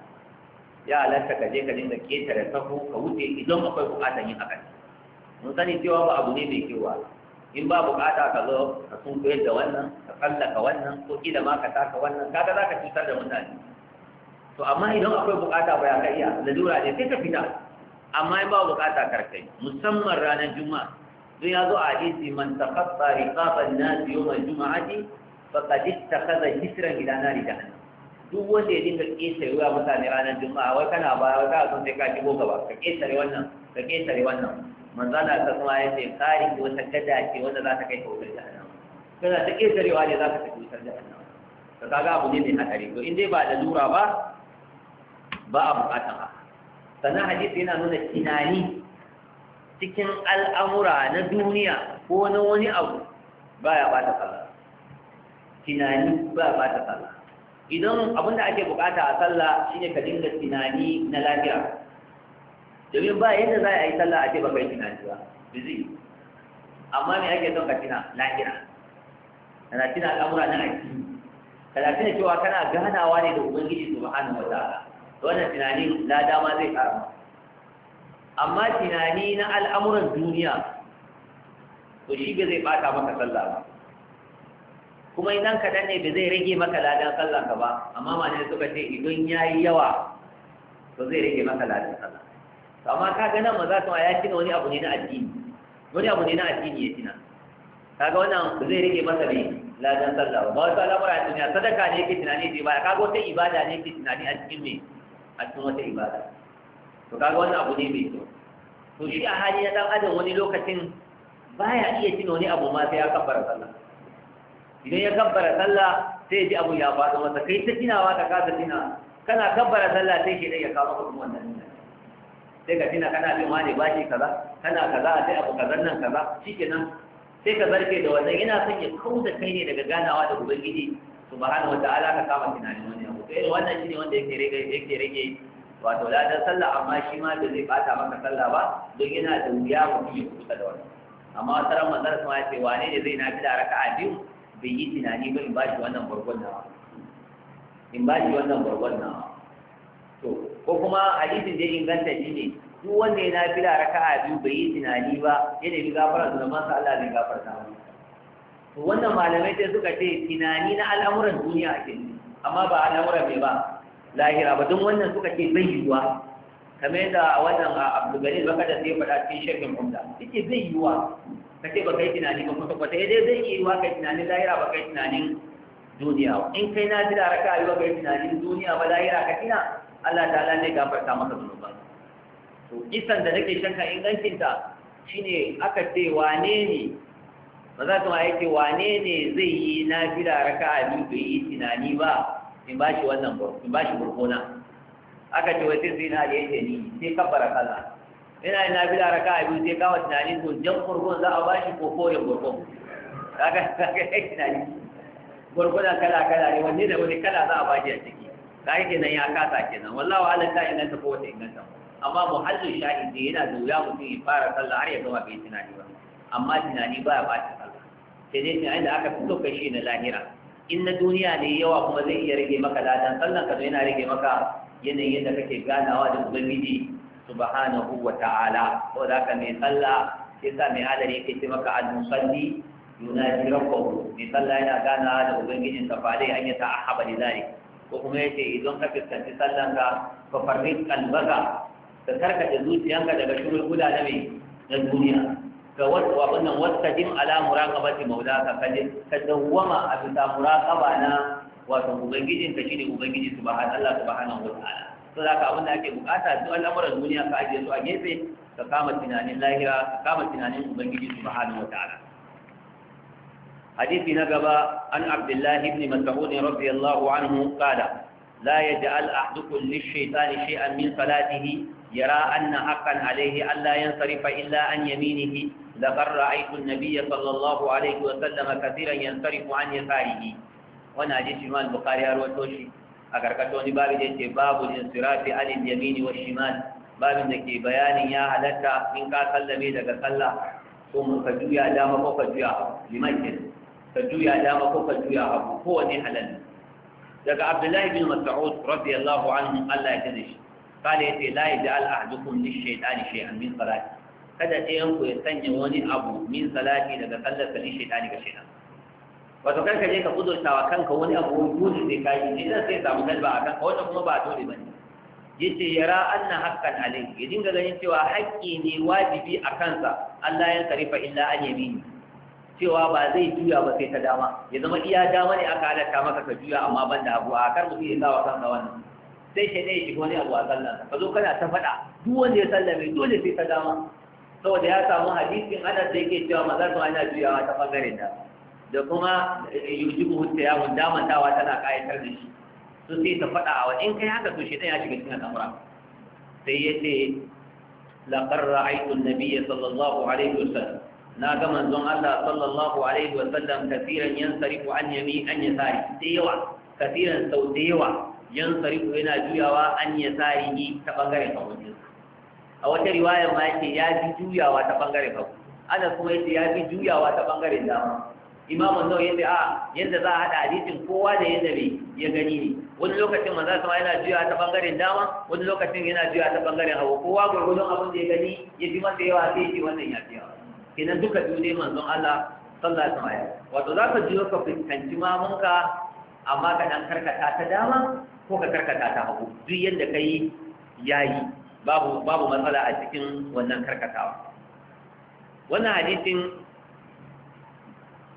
ya halatta ka je ka dinga ketare sahu ka wuce idan akwai bukatar yin haka mun sani cewa ba abu ne mai kyau ba in ba bukata ka zo ka sun koyar da wannan ka tsallaka wannan ko kila ma ka taka wannan kaga za ka cutar da mutane to amma idan akwai bukata ba ya ka iya lalura ne sai ka fita amma in ba bukata karkai musamman ranar juma'a don ya zo a hadisi man taqatta riqaban nas yawm al-jum'ati faqad ittakhadha hisran ila nari jahannam duk wanda ya dinga ƙetare wa mutane ranar juma'a wai kana ba wai a sun sai ka shigo gaba ka ƙetare wannan ka ƙetare wannan na ta kuma ya ce ki wata gada ce wanda za ta kai ka wutar jahannama kana ta ƙetarewa ne za ka tafi wutar jahannama ka kaga abu ne mai haɗari to in dai ba da lura ba ba a buƙata ba sannan hadisi yana nuna tunani cikin al'amura na duniya ko na wani abu ba ya ɓata sallah tunani ba ya ɓata sallah idan abin da ake bukata a sallah shine ka dinga tunani na lafiya domin ba yadda za a yi sallah a ce ba kai tunani ba bizi amma me ake son ka tuna lahira kana tuna al'amura na aiki kana tuna cewa kana ganawa ne da ubangiji subhanahu wataala wannan tunanin na dama zai karama amma tunani na al'amuran duniya to shi ba zai bata maka sallah ba kuma idan kaɗan ne da zai rage maka ladan sallah ka ba amma malamai suka ce idan ya yi yawa to zai rage maka ladan sallah to amma ka ga nan maza su ya tina wani abu ne na addini wani abu ne na addini ya cina. kaga wannan zai rage masa ne ladan sallah ba wasu al'amura a duniya sadaka ne yake tunani ba ibada kaga wata ibada ne yake tunani a cikin me a cikin wata ibada to kaga wannan abu ne mai kyau to shi a hali na dan adam wani lokacin baya iya tina wani abu ma sai ya kafara sallah idan ya kabbara sallah sai ji abun ya faɗo masa kai ta tunawa ta kasa tina kana kabbara sallah sai ke dai ya kawo ku kuma wannan sai ka tina kana bin wani baki kaza kana kaza sai abu kaza nan kaza shikenan sai ka zarfe da wannan yana son ya kauda kai ne daga ganawa da ubangiji subhanahu wataala ka kama tunanin wani abu sai wannan shine wanda yake rage yake rage wato ladan sallah amma shi ma da zai bata maka sallah ba don yana da wuya mutum ya kusa da wannan amma wata ran manzon sama ya ce wane ne zai na fi da raka'a biyu bai yi tunani ba in ba shi wannan bargon nawa in ba shi wannan bargon nawa to ko kuma hadisin da inganta shi ne duk wanda ya raka a biyu bai yi tunani ba ya nemi gafara da zaman sa Allah zai gafarta masa to wannan malamai sai suka ce tunani na al'amuran duniya ake amma ba al'amuran mai ba lahira ba don wannan suka ce bai yiwuwa kamar yadda wannan abdulgalil baka da sai faɗa cikin shekin umda yake bai yiwuwa ka ba kai tunani ba kuma kwata eh dai zai yi wa kai tunanin lahira ba kai tunanin duniya ba in kai na jira raka yi wa kai tunanin duniya ba lahira ka tina Allah ta'ala ne gafarta maka zunuban to kisan da nake shakka ingancinta shine aka ce wane ne ba za ka ma yake wane ne zai yi na jira raka a bai yi tunani ba in ba shi wannan in ba shi burkona aka ce wai sai zina da yake ni sai kabbara sallah yana bi da raka a biyu sai kawo tunani to jan gurgun za a bashi ko koren gurgun kaga kaga kai tunani gurgunan kala kala ne wanne da wani kala za a bashi a ciki kai kenan ya kasa kenan wallahi wa Allah ta inganta ko wata inganta amma muhallin shahidi yana da wuya mutum ya fara sallah har ya gama bai tunani ba amma tunani ba ya bata sallah sai dai tunani da aka fito kai shi na lahira in na duniya ne yawa kuma zai iya rage maka ladan sallan ka yana rage maka yanayin da kake ganawa da ubangiji subhanahu wa ta'ala ko da ka mai sallah sai sa mai adari ke ce maka al-musalli yunaji rabbahu mai sallah yana gana da ubangijin sa fa dai an yi haɓa li zalik ko kuma ya ce idan ka fuskanci sallan ka fa farri qalbaka ka karkace zuciyanka daga shirin guda na mai na duniya ga wannan wastajim ala muraqabati maulaka ka ka dawwama a bisa muraqaba na wato ubangijin ka shi shine ubangiji subhanallahi subhanahu wa ta'ala sun haka abin da ake bukata duk al'amuran duniya ka ajiye su a gefe ka kama tunanin lahira ka kama tunanin ubangiji su wata ala hadisi na gaba an abdullahi ibn mas'ud radiyallahu anhu qala la yaj'al ahdukum lil shaytani shay'an min salatihi yara anna haqqan alayhi an la yansarifa illa an yaminihi laqad ra'aytu an-nabiy sallallahu alayhi wa sallam kathiran yansarifu an yasarihi wannan hadisi ma al-bukhari ya rawato shi a karkashin wani babu da yake babu insirafi alil yamini wa shimal babin da ke bayanin ya halatta in ka sallame daga sallah ko mu ka juya dama ko ka juya limakin ka juya dama ko ka juya hagu kowane halal daga abdullahi bin mas'ud radiyallahu anhu Allah ya kare shi kale yace la yaj'al ahadukum lish-shaytani shay'an min salati kada ɗayan ku ya sanya wani abu min salati daga sallar ka lish-shaytani ga shaytan wato kanka je ka kudurta wa kanka wani abu dole zai ka ni idan sai samu galba a kanka wata kuma ba dole ba ne yace yara anna haqqan alayhi ya dinga ganin cewa haƙƙi ne wajibi a kansa Allah ya karifa illa an yamini cewa ba zai juya ba sai ta dama ya zama iya dama ne aka halatta maka ka juya amma ban da abu a kar mutum ya sa wa kanka wannan sai shi ne ya shiga wani abu a sallan ka zo kana ta faɗa duk wanda ya sallame dole sai ta dama saboda ya samu hadisin anas da yake cewa mazan su ana juyawa ta bangaren da da kuma yujibu hutayawun damantawa tana kayatar da shi su sai ta faɗa a in kai haka to shi ɗaya shiga cikin al'amura sai ya ce laƙar ra'aitun nabiya sallallahu alaihi wasallam na ga manzon Allah sallallahu alaihi wasallam kasiran yan sarifu an yami an ya sari da yawa kasiran sau da yawa yan sarifu yana juyawa an ya sari ni ta bangaren hawajen a wata riwaya ma yake ya fi juyawa ta bangaren hagu ana kuma yace ya fi juyawa ta bangaren dama imam an a ah, yadda za a haɗa hadisin kowa da yadda bai ya gani ne wani lokacin manzo sama yana juya ta bangaren dama wani lokacin yana juya ta bangaren hawa kowa gurgurdon abin da ya gani ya fi masa yawa sai shi wannan ya fi yawa kenan duka dole manzon Allah sallallahu alaihi wasallam wato za ka juyo ka fuskanci mamunka amma ka dan karkata ta dama ko ka karkata ta hagu duk yadda kai yayi babu babu matsala a cikin wannan karkatawa wannan hadisin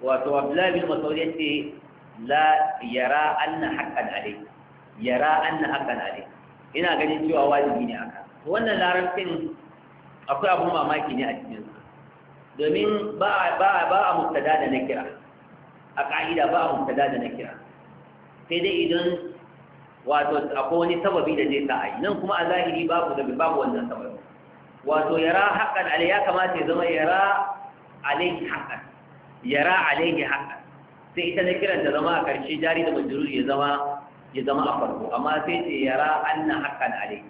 wato abdullahi bin masaud ya ce la yara anna haqqan ale. yara anna haqqan ale. ina ganin cewa wajibi ne aka wannan larabcin akwai abun mamaki ne a cikin domin ba a mustada da na kira. a ƙa'ida ba a mustada da na kira. sai dai idan wato akwai wani sababi da zai sa a yi nan kuma a zahiri babu da babu wannan sababi wato yara haƙan ale ya kamata ya zama yara alai haƙan yara alaihi haqqa sai ita na kiran da zama a karshe jari da majrur ya zama ya zama a farko amma sai ce yara anna haqqan alaihi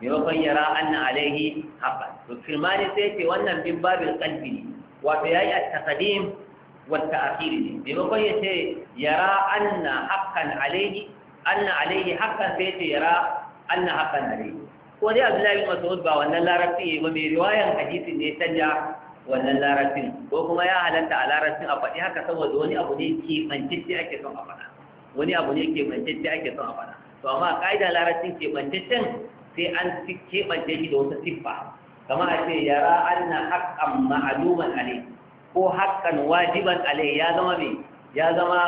maimakon yara anna alaihi haqqan to kirmani sai ce wannan bin babin qalbi ne wato yayi at-taqdim wa at-ta'khir ne maimakon ya ce yara anna haqqan alaihi anna alaihi haqqan sai ce yara anna haqqan alaihi ko dai Abdullahi bin Mas'ud ba wannan larabci ba mai riwayan hadisi ne ta sanya wannan larabcin ko kuma ya halatta a larabcin a faɗi haka saboda wani abu ne ke mancicce ake son a faɗa wani abu ne ke mancicce ake son a faɗa to amma ƙa'ida larabcin ke manciccen sai an keɓance shi da wata siffa kama a ce yara an na haƙƙan ma'aluman ale ko haƙƙan wajiban ale ya zama me ya zama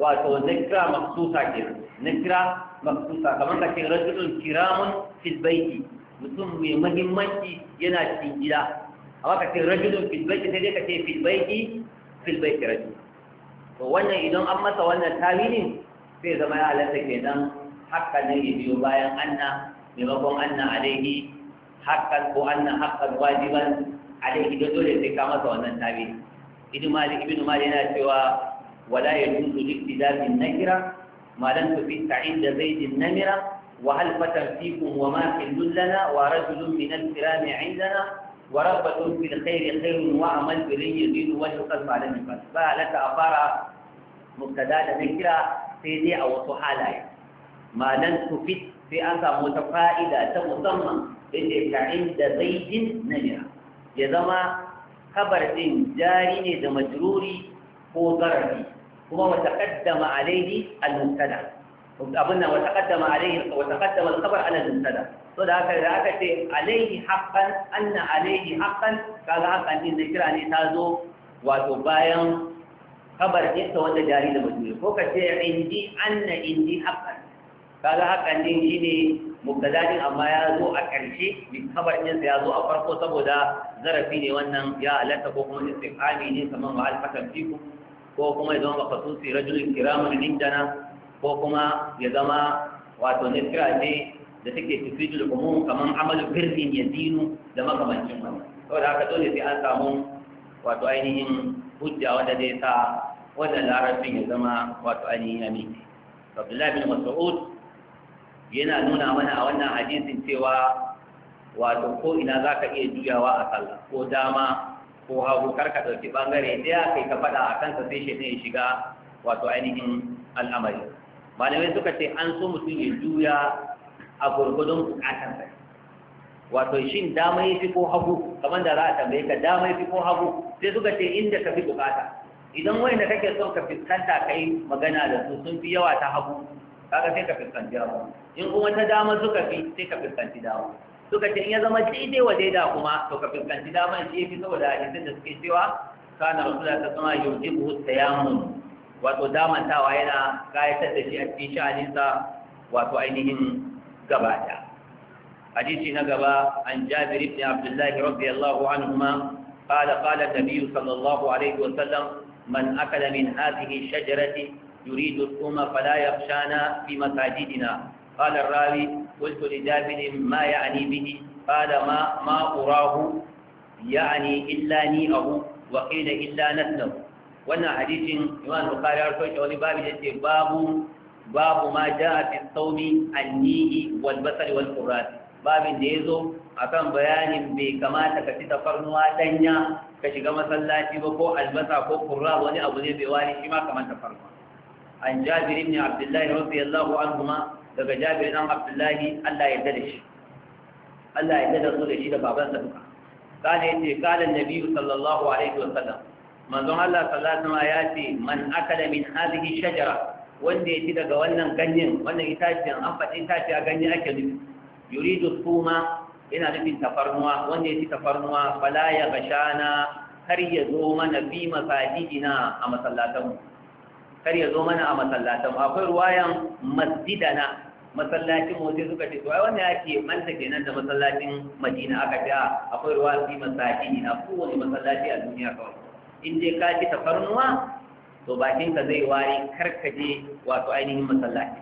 wato kira maksusa ke kira maksusa kamar ka ce rajulun kiramun filbaiki mutum mai muhimmanci yana cikin gida Awa ka ce rajulun fil baiti sai dai ka ce fil baiti fil to wannan idan an masa wannan tawilin sai zama ya halatta kenan hakka ne ya biyo bayan anna maimakon anna alaihi hakkan ko anna hakkan wajiban alaihi don dole sai ka masa wannan tawilin ibnu malik ibnu malik yana cewa wala yajuzu liqtidabin nakira ما لم تفت عند زيد النمرة وهل فتى فيكم وما حل لنا ورجل من الكرام عندنا ورغبة في الخير خير وعمل بري يزيد ويقف على النفاق فهلت أفارة مبتدا نكرة سيدي أو صحالة ما لن تفت في أنت متفائدة تمضمة إنك عند زيد نجرة يزما خبر دين جاري مجروري هو ضرري هو وتقدم عليه المبتدا أبنا وتقدم عليه وتقدم الخبر على المبتدا so da aka da aka ce alaihi haqqan anna alaihi haqqan kaga haqqan din kira ne ta zo wato bayan kabar ita wanda jari da mutum ko ka ce indi anna indi haqqan kaga haka din shine mubtada'in amma ya zo a ƙarshe bi kabar ɗinsa ya zo a farko saboda zarafi ne wannan ya alata ko kuma istifhami ne kamar wa alfatan fiku ko kuma ya zama maqsusi rajulin kiramun indana ko kuma ya zama wato ne kira ne da take tufidul kamar kaman Birni ne dinu da makamancin wannan saboda haka dole sai an samu wato ainihin hujja wanda zai sa wannan larabcin ya zama wato ainihin ya abdullahi bin mas'ud yana nuna mana a wannan hadisin cewa wato ko ina za ka iya juyawa a sallah ko dama ko hagu kar ka ɗauki ɓangare ɗaya kai ka faɗa a kansa sai shi ne ya shiga wato ainihin al'amari malamai suka ce an so mutum ya juya a gurgudun bukatan sa wato shin dama fi ko hagu kamar da za a tambaye ka dama fi ko hagu sai suka ce inda ka fi bukata idan wanda kake son ka fiskanta kai magana da su sun fi yawa ta hagu kaga sai ka fiskanci hagu in kuma ta dama suka fi sai ka fiskanci dama suka ce in ya zama daidai wa daida kuma to ka fiskanci dama shi fi saboda hadisin da suke cewa kana rasulullah ta sama yujibu tayammum wato damantawa yana kayatar da shi a cikin sha'aninsa wato ainihin gabata hadisi na gaba an jabir ibn abdullah radiyallahu anhuma qala qala nabiyyu sallallahu alayhi wa sallam man akala min hadhihi shajarati yuridu al-umma fala yakhshana fi masajidina qala ar-rawi qultu li jabir ma ya'ni bihi qala ma ma urahu ya'ni illa ni abu wa qila illa nasnu wannan hadisin imam bukhari ya wani babu da yake babu babu ma ja'a fi sawmi annihi wal basari wal qurrat babin da yazo akan bayanin bai kamata ka ci tafarnuwa danya ka shiga masallaci ba ko albasa ko qurra wani abu ne bai wani shi ma kamar tafarnuwa an jabir ibn abdullah radiyallahu anhuma daga jabir dan abdullah Allah ya yarda da shi Allah ya yarda da su da shi da babansa duka kana yace kana annabi sallallahu alaihi wasallam manzon Allah sallallahu alaihi wasallam ya ce man akala min hadhihi shajara wanda ya ci daga wannan ganyen wannan itaciyar an faɗi a ganye ake nufi yuridu suma yana nufin tafarnuwa wanda ya ci tafarnuwa bala ya gashana kar ya zo mana fi masajidina a masallatanmu kar ya zo mana a mu. akwai ruwayan masjidana masallacin motsi suka ce to ai wannan yake manta kenan da masallacin Madina aka ce ah, akwai ruwa bi masajidi na kowane masallaci a duniya kawai in dai ka ci tafarnuwa to bakin ka zai wari karkaje wato ainihin masallaci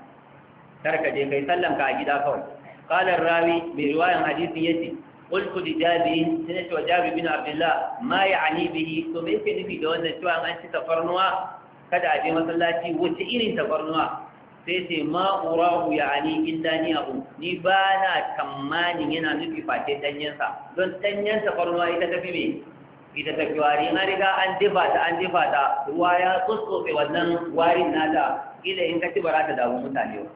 karkaje kai sallan ka a gida kawai قال الراوي برواية حديث يتي قلت لجابر bin وجابر بن عبد bihi? to me yake nufi da wannan cewa an ci tafarnuwa? kada a je masallaci wace irin tafarnuwa? sai ce ma urahu ya ani illa ni abu ni ba na tamanin yana nufi face danyensa don danyen tafarnuwa ita tafi me ita ta fi wari an riga an jefa ta an jefa ta ruwa ya tsotsofe wannan warin nata ila in ka ci bara ta damu mutane ba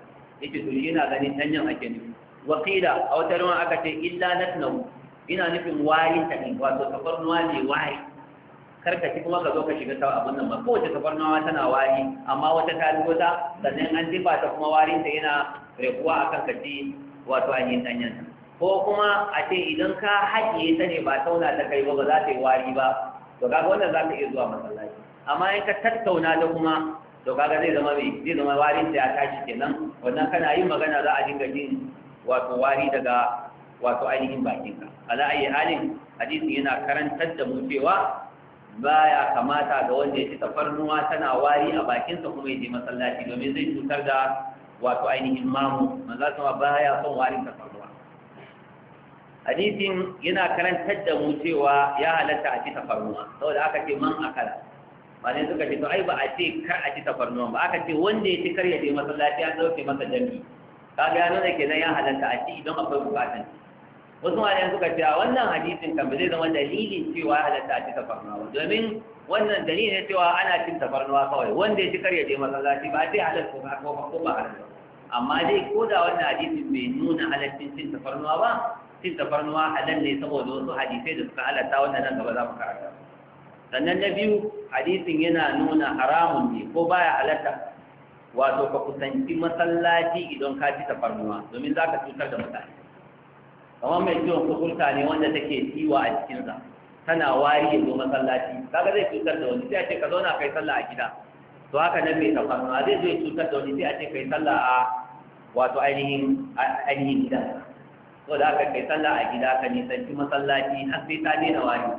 yace to shi yana ganin tanyan ake nufi wakila a wata ruwan aka ce illa natnau ina nufin warin ta ne wato tafarnuwa ne wari ka ci kuma ka zo ka shiga ta abin nan ba kowace tafarnuwa tana wari amma wata ta zo ta sannan an jefa ta kuma warin ta yana rabuwa akan ka ci wato yi tanyan ta ko kuma a ce idan ka haƙiye ta ne ba tauna ta kai ba ba za ta yi wari ba to kaga wannan za ta iya zuwa masallaci amma in ka tattauna ta kuma to kaga zai zama mai zai zama warin da ya tashi kenan wannan kana yin magana za a dinga jin wato wari daga wato ainihin bakinka ala ayi halin hadisi yana karantar da mu cewa baya kamata ga wanda ya ci tafarnuwa tana wari a bakinsa kuma ya je masallaci domin zai cutar da wato ainihin mamu manzo sama baya son warin tafarnuwa hadisin yana karantar da mu cewa ya halatta a ci tafarnuwa saboda aka ce man akala malai suka ce to ai ba a ce kar a ci tafarnuwa ba aka ce wanda ya ci kar ya je masallaci an dauke masa jami kaga ya nuna kenan ya halatta a ci idan akwai bukatun wasu malai suka ce a wannan hadisin kan zai zama dalilin cewa ya halatta a ci tafarnuwa domin wannan dalilin ne cewa ana cin tafarnuwa kawai wanda ya ci kar ya je masallaci ba a ce halatta ba ko ba halatta amma dai ko da wannan hadisin bai nuna halaccin cin tafarnuwa ba cin tafarnuwa halal ne saboda wasu hadisai da suka halatta wannan nan gaba za mu karanta sannan na biyu hadisin yana nuna haramun ne ko baya halatta wato ka kusanci masallaci idan ka ci tafarnuwa domin za ka cutar da mutane kamar mai ciwon kukurta ne wanda take ciwa a cikinsa tana wari ya zo masallaci kaga zai cutar da wani sai a ce ka zauna kai sallah a gida to haka nan mai tafarnuwa zai zo ya cutar da wani sai a ce kai sallah a wato ainihin ainihin gida ko da aka kai sallah a gida ka nisanci masallaci har sai ta daina wari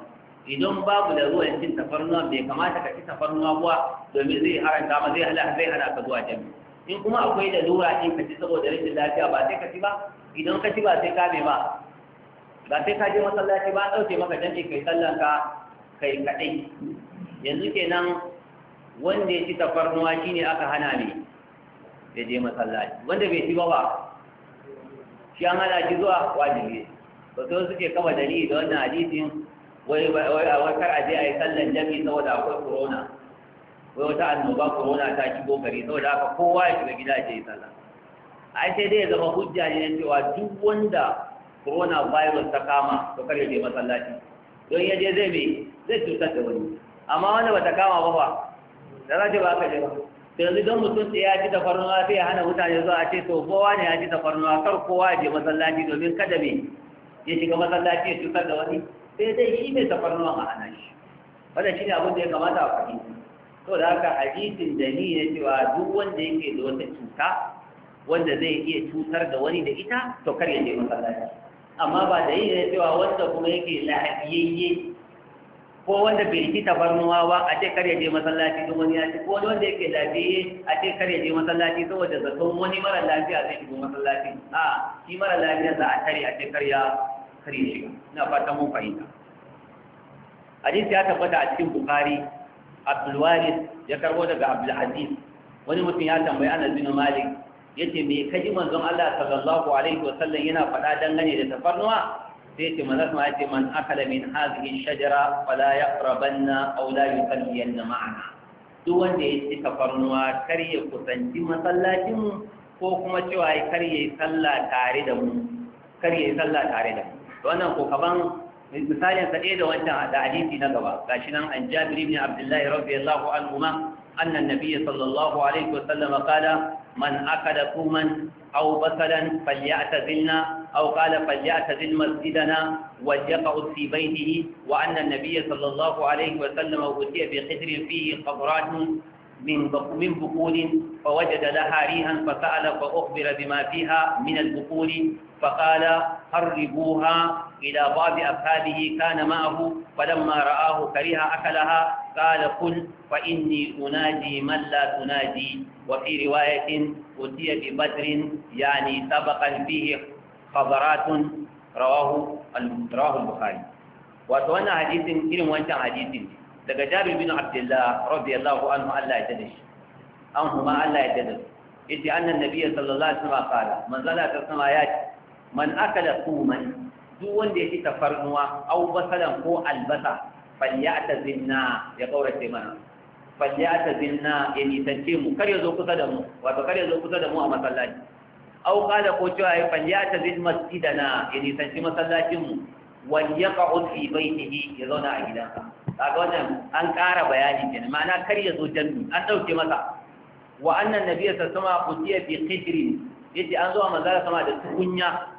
idan babu da ruwan cin tafarnuwa bai kamata ka ci tafarnuwa kuwa domin zai haranta ma zai hana zai hana ka zuwa jami'a in kuma akwai da lura in ka ci saboda rashin lafiya ba sai ka ci ba idan ka ci ba sai ka ba ba sai ka je masallaci ba ɗauke maka jami kai sallan ka kai kaɗai yanzu kenan wanda ya ci tafarnuwa shine aka hana ne ya je masallaci wanda bai ci ba ba an hana ji zuwa wajibi ba to suke kama dalili da wannan hadisin wai wai a wata aje a yi sallan jami saboda akwai corona wai wata annoba corona ta ci gari saboda haka kowa ya shiga gida ya yi sallah ai sai dai ya zama hujja ne cewa duk wanda corona virus ta kama to kar ya je masallaci don ya je zai me zai cutar da wani amma wanda bata kama ba ba da za ta ba aka je ba to yanzu don mutum sai ya ji tafarnuwa sai ya hana mutane zuwa a ce to kowa ne ya ji tafarnuwa kar kowa ya je masallaci domin kada me ya shiga masallaci ya cutar da wani sai dai shi mai tafarnuwa a hana shi wannan shine abin da ya kamata a fahimta to da haka hadisin da ni ne cewa duk wanda yake da wata cuta wanda zai iya cutar da wani da ita to kar ya je masallaci amma ba da yi ne cewa wanda kuma yake lahadiyayye ko wanda bai yi tabarnuwa ba a ce kar ya je masallaci don wani ya ci ko wanda yake lafiye a ce kar ya je masallaci saboda zaton wani mara lafiya zai shigo masallaci a shi mara lafiya za a tare a ce kar ya kar ya shiga ina fatan mun fahimta hadis ya tabbata a cikin bukari abdul waris ya karbo daga abdul wani mutum ya tambayi anas bin malik yace me kaji manzon Allah sallallahu alaihi wasallam yana faɗa dangane da tafarnuwa sai ce manzo kuma yace man akala min hadhihi shajara fala yaqrabanna aw la yusalliyanna ma'ana duk wanda ya ci kafarnuwa kar ya kusanci masallacin ko kuma cewa ai kar ya yi sallah tare da mu kar ya yi sallah tare da mu wannan ko kaban misalin sa da wancan da hadisi na gaba gashi nan an Jabir ibn Abdullahi radiyallahu anhu ma anna an-nabiy sallallahu alaihi wasallam qala man akada kuman أو مثلا فليعتزلنا أو قال فليعتزل مسجدنا وليقعد في بيته وأن النبي صلى الله عليه وسلم أتي بخدر فيه قبرات من من بقول فوجد لها ريها فسأل فأخبر بما فيها من البقول فقال هربوها إلى بعض أصحابه كان معه فلما رآه كره أكلها قال كل فإني أنادي من لا تنادي وفي رواية أتي ببدر يعني سبقا فيه خضرات رواه رواه البخاري وأتوانا حديث إلى وانت حديث daga jabir bin abdullah radiyallahu anhu Allah ya dade shi an huma Allah ya dade yace annan nabiyyi sallallahu alaihi wasallam qala man zala tasma ya man akala duk wanda ya ci tafarnuwa au basalan ko albasa falyatazilna ya kaurace mana falyatazilna ya nisance mu kar ya zo kusa da mu wato kar ya zo kusa da mu a masallaci au qala ko cewa ya falyatazil masjidana ya nisanci masallacin mu wal yaq'ud fi baytihi ya zauna a gidansa kaga wannan an ƙara bayani kenan ma'ana kar ya zo jannu an dauke masa wa annan nabiyyu sallallahu alaihi wasallam qutiya bi qidrin yace an zo a manzara sama da tukunya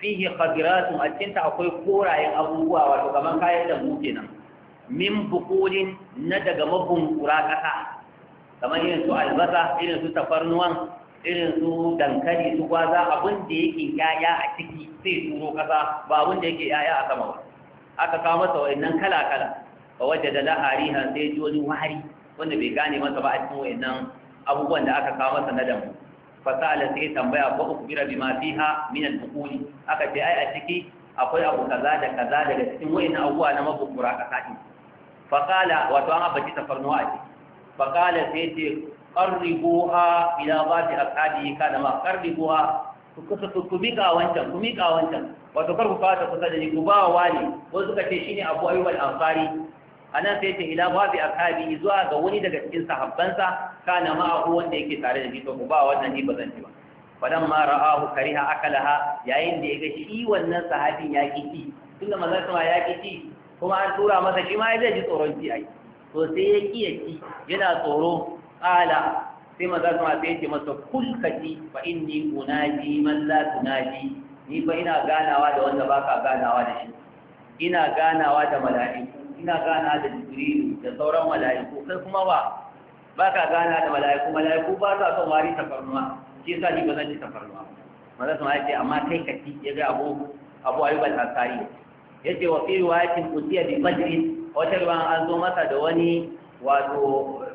fihi khadiratun a cikin akwai korayen abubuwa wato kaman kayan muke kenan min bukulin na daga mabunkura kasa kamar irin su albasa irin su tafarnuwan irin su dankali su gwaza abin da yake yaya a ciki sai turo kasa ba abun da yake yaya a sama ba aka kawo masa wayannan kala kala fa wajada la hariha sai ji wani wari wanda bai gane masa ba a cikin wayannan abubuwan da aka kawo masa na damu fasala sai tambaya ko ukbira bima fiha min al-buquli aka ce ai a ciki akwai abu kaza da kaza daga cikin wayannan abubuwa na mabukura kasa din faqala wato an abaci tafarnuwa a ciki faqala sai ce qarribuha ila zati aqadi kana ma qarribuha ku miƙa wancan ku miƙa wancan wato kar ku kawo kusa da ni ku ba wa wani wasu suka ce shine abu ayyuban ansari anan sai ta ila babi akabi zuwa ga wani daga cikin sahabbansa kana ma'ahu wanda yake tare da shi to ba wannan ni bazan ci ba fadan ma ra'ahu kariha akalaha yayin da yaga shi wannan sahabin ya kici tunda manzon sa ya kici kuma an tura masa shi ma zai ji tsoron ci ai to sai ya ki yana tsoro ala sai manzon sa sai ya ce masa kati fa inni unaji man la tunaji ni fa ina ganawa da wanda baka ganawa da shi ina ganawa da mala'iku ina gana da jibrilu da sauran mala'iku kai kuma ba ba ka gana da mala'iku mala'iku ba sa son wari tafarnuwa shi yasa ni ba zan ci tafarnuwa maza sun ce amma kai ka ci ya ga abu abu ayyuba tasari ya ce wa fi riwayatin utiya bi badri wata ba an zo masa da wani wato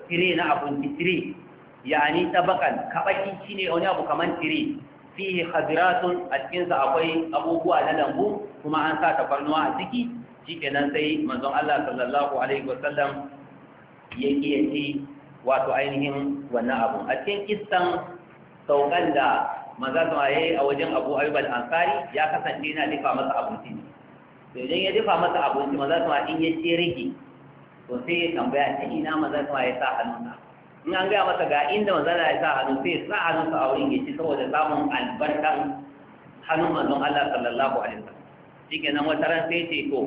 tire na abun tire yani tabakan kabaki shine wani abu kaman tire fihi hadiratun a cikinsa akwai abubuwa na lambu kuma an sa tafarnuwa a ciki shikenan sai manzon Allah sallallahu alaihi wasallam ya kiyaye wato ainihin wannan abu a cikin kistan saukan da maza su yayi a wajen Abu Ayyub al-Ansari ya kasance yana dafa masa abinci to idan ya dafa masa abinci maza su in ya ce riki to sai ya tambaya ta ina maza su ya sa na in an gaya masa ga inda maza ya sa hannu sai hannu sa a wurin ya ci saboda samun albarkan hannun manzon Allah sallallahu alaihi wasallam shikenan wata ran sai ce to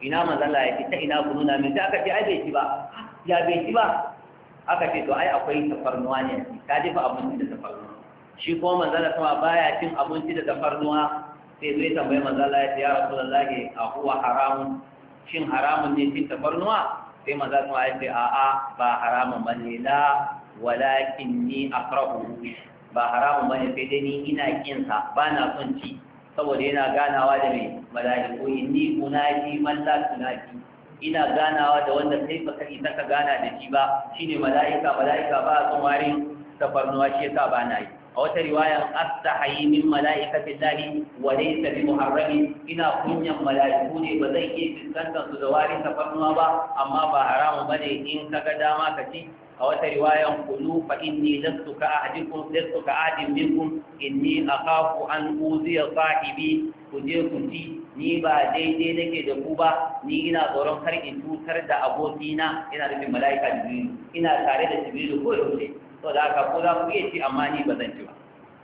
ina mazala ya ce ta ina kunu na min aka ce ai bai ci ba ya bai ci ba aka ce to ai akwai tafarnuwa ne ta dafa abinci da tafarnuwa shi kuma mazala sama baya cin abinci da tafarnuwa sai zai tambayi mazala ya ce ya rasulullahi a kuwa haramun shin haramun ne cin tafarnuwa sai mazala sama ya ce a'a ba haramun ne la walakin ni akrahu ba haramun bane sai dai ni ina kinsa ba na son ci saboda yana ganawa da mai mala'iku inni munaji man la tunaji ina ganawa da wanda sai ba kai ta gana da shi ba shine mala'ika mala'ika ba tsumarin tafarnuwa shi yasa ba na a wata riwaya, astahayi min mala'ikati dali wa laysa bi muharrami ina kunyan mala'iku ne ba zai yi fuskantar su da wari tafarnuwa ba amma ba haramu bane in kaga dama ka ci a wata riwayan kulu fa inni lastu ka ahadikum lastu ka ahadin minkum inni akhafu an uziya sahibi ku je ni ba daidai nake da ku ba ni ina tsoron kar in cutar da abokina ina nufin mala'ika jibrilu ina tare da jibrilu ko yaushe to da haka ko za ku iya ci amma ni ba zan ci ba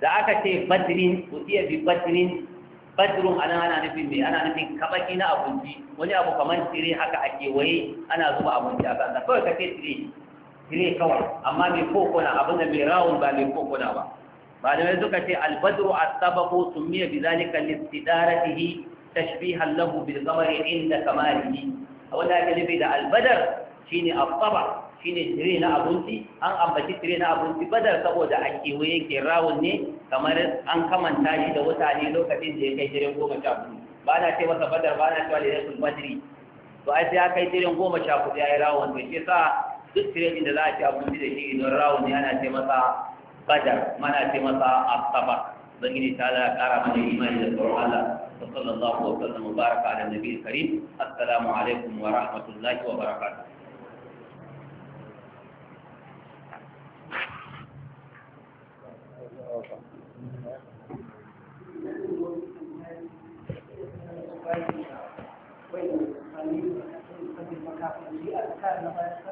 da aka ce badrin ku iya bi badrin badrun ana ana nufin mai ana nufin kabaki na abinci wani abu kamar tire haka a kewaye ana zuba abinci a kansa kawai ka ce tire tire kawai amma mai kokona abin da mai rawun ba mai kokona ba wani suka ce albadru as sun miya bi zalika listidaratihi tashbihan lahu bil qamari inda A wanda ake nufi da albadar shi ne as-saba ne tire na abinci an ambaci tire na abinci badar saboda a kewaye ke rawun ne kamar an kamanta shi da wata ne lokacin da ya kai tire goma sha hudu ba na ce masa badar ba na cewa lailatul badri to ai sai ya kai tiren goma sha kuɗi ya yi rawon da shi sa duk tiretin da za a ci abinci da shi idan rawuni ana ce masa bajar mana ce masa asabar ubangiji ta ala kara mana imani da tsoron Allah wa sallallahu wa sallam baraka ala nabi karim assalamu alaikum wa rahmatullahi wa barakatuh Thank you.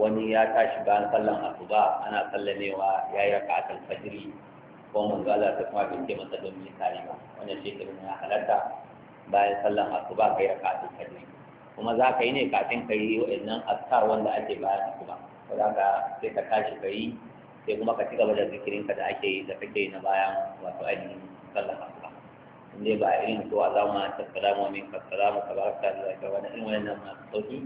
wani ya tashi bayan sallan asuba ana sallamewa ya yi raka'atul fajri ko mun ga Allah ta kuma bin ke masa domin ya tare ba wannan shi irin ya halatta bayan sallan asuba kai raka'atul fajri kuma za ka yi ne kafin ka yi wa'annan azkar wanda ake bayan asuba ko za ka sai ka tashi ka yi sai kuma ka ci gaba da zikirin ka da ake yi da kake na bayan wato ainihin sallan asuba in dai ba irin zuwa Allahumma assalamu alaikum assalamu tabaraka Allah ka wani irin wannan masu sauki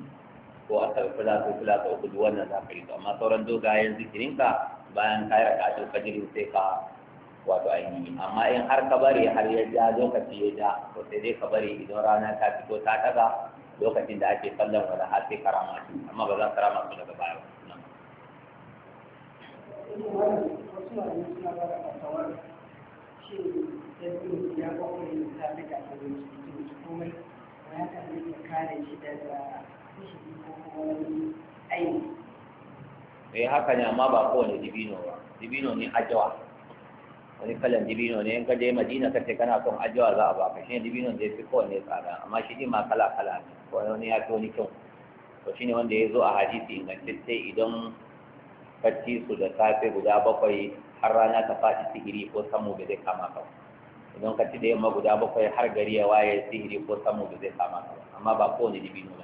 ko a tafila ko fila ko kudu wannan za ka yi amma sauran dogayen ka bayan ka yi rakatun fajiri sai ka wato ainihi amma in har ka bari har ya ja lokaci ya ja to sai dai ka bari idan rana ta fito ta taga lokacin da ake sallan wani har sai karama su amma ba za ka rama su daga baya ba. shi shi ya daga aini eh haka ne amma ba kowane dibino ba dibino ne ajawa wani kalan dibino ne in ka je madina ka ce kana son ajawa za a ba shi shine dibino da ya fi kowane tsada amma shi ne ma kala kala ne ko wani ya fi wani kyau to shine wanda ya zo a hadisi ingantacce idan ka ci su da safe guda bakwai har rana ta faɗi sihiri ko samu da zai kama ka idan ka ci da yamma guda bakwai har gari ya waye sihiri ko samu da zai kama ka amma ba kowane dibino ba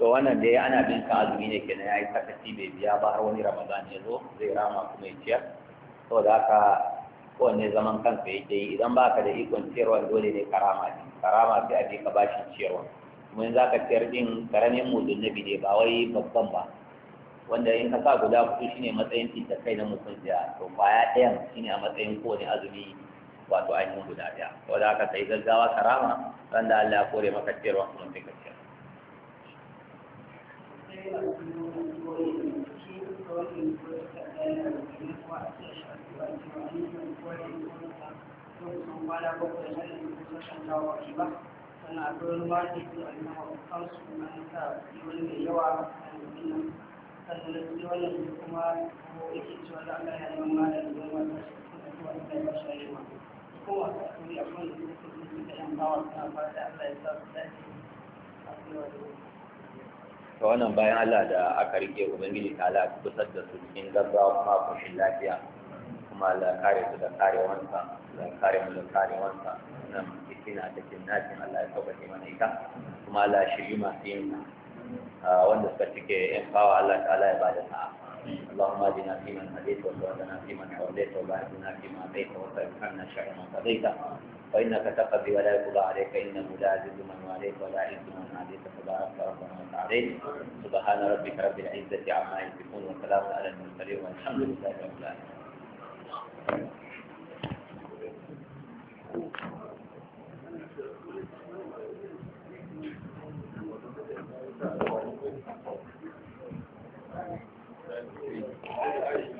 to wannan dai ana bin ka azumi ne kenan yayi sakaci bai biya ba har wani ramadan ya zo zai rama kuma ya ciyar saboda haka kowanne zaman kansa yake yi idan baka da ikon ciyarwa dole ne karama ne karama sai a je ka bashin ciyarwa kuma in zaka ciyar din karamin mudun nabi ne ba wai babban ba wanda in ka sa guda kudu shine matsayin fita kai na mutum da to kwaya ɗayan shine a matsayin kowane azumi wato ainihin guda ɗaya saboda haka kai gaggawa karama sanda da Allah ya kore maka ciyarwa kuma sai ka ciyar sannan akwai a nan haukan su na nasa wani mai yawa a yankin sannan da su wani su kuma ko yake cewa da Allah ya yi ma a ta wannan bayan Allah da aka rike ubangiji ta ala kusa da su cikin gaggawa kuma koshin lafiya kuma la kare su da kare wansa la kare mu da kare wansa nan a cikin nasin Allah ya tabbata mana ita kuma la shiri masu yin ah, wanda suka cike in fawa Allah ta Allah ya bada sa'a اللهم اهدنا فيمن هديت وسعدنا فيمن حوليت وبعدنا فيما اعطيت وصرف عنا شر ما قضيت فانك تقضي ولا يقضى عليك انه لا عزيز من واليت ولا عز من عاديت تبارك ربنا وتعاليت سبحان ربك رب العزه عما يصفون وسلام على المرسلين والحمد لله رب العالمين Thank you.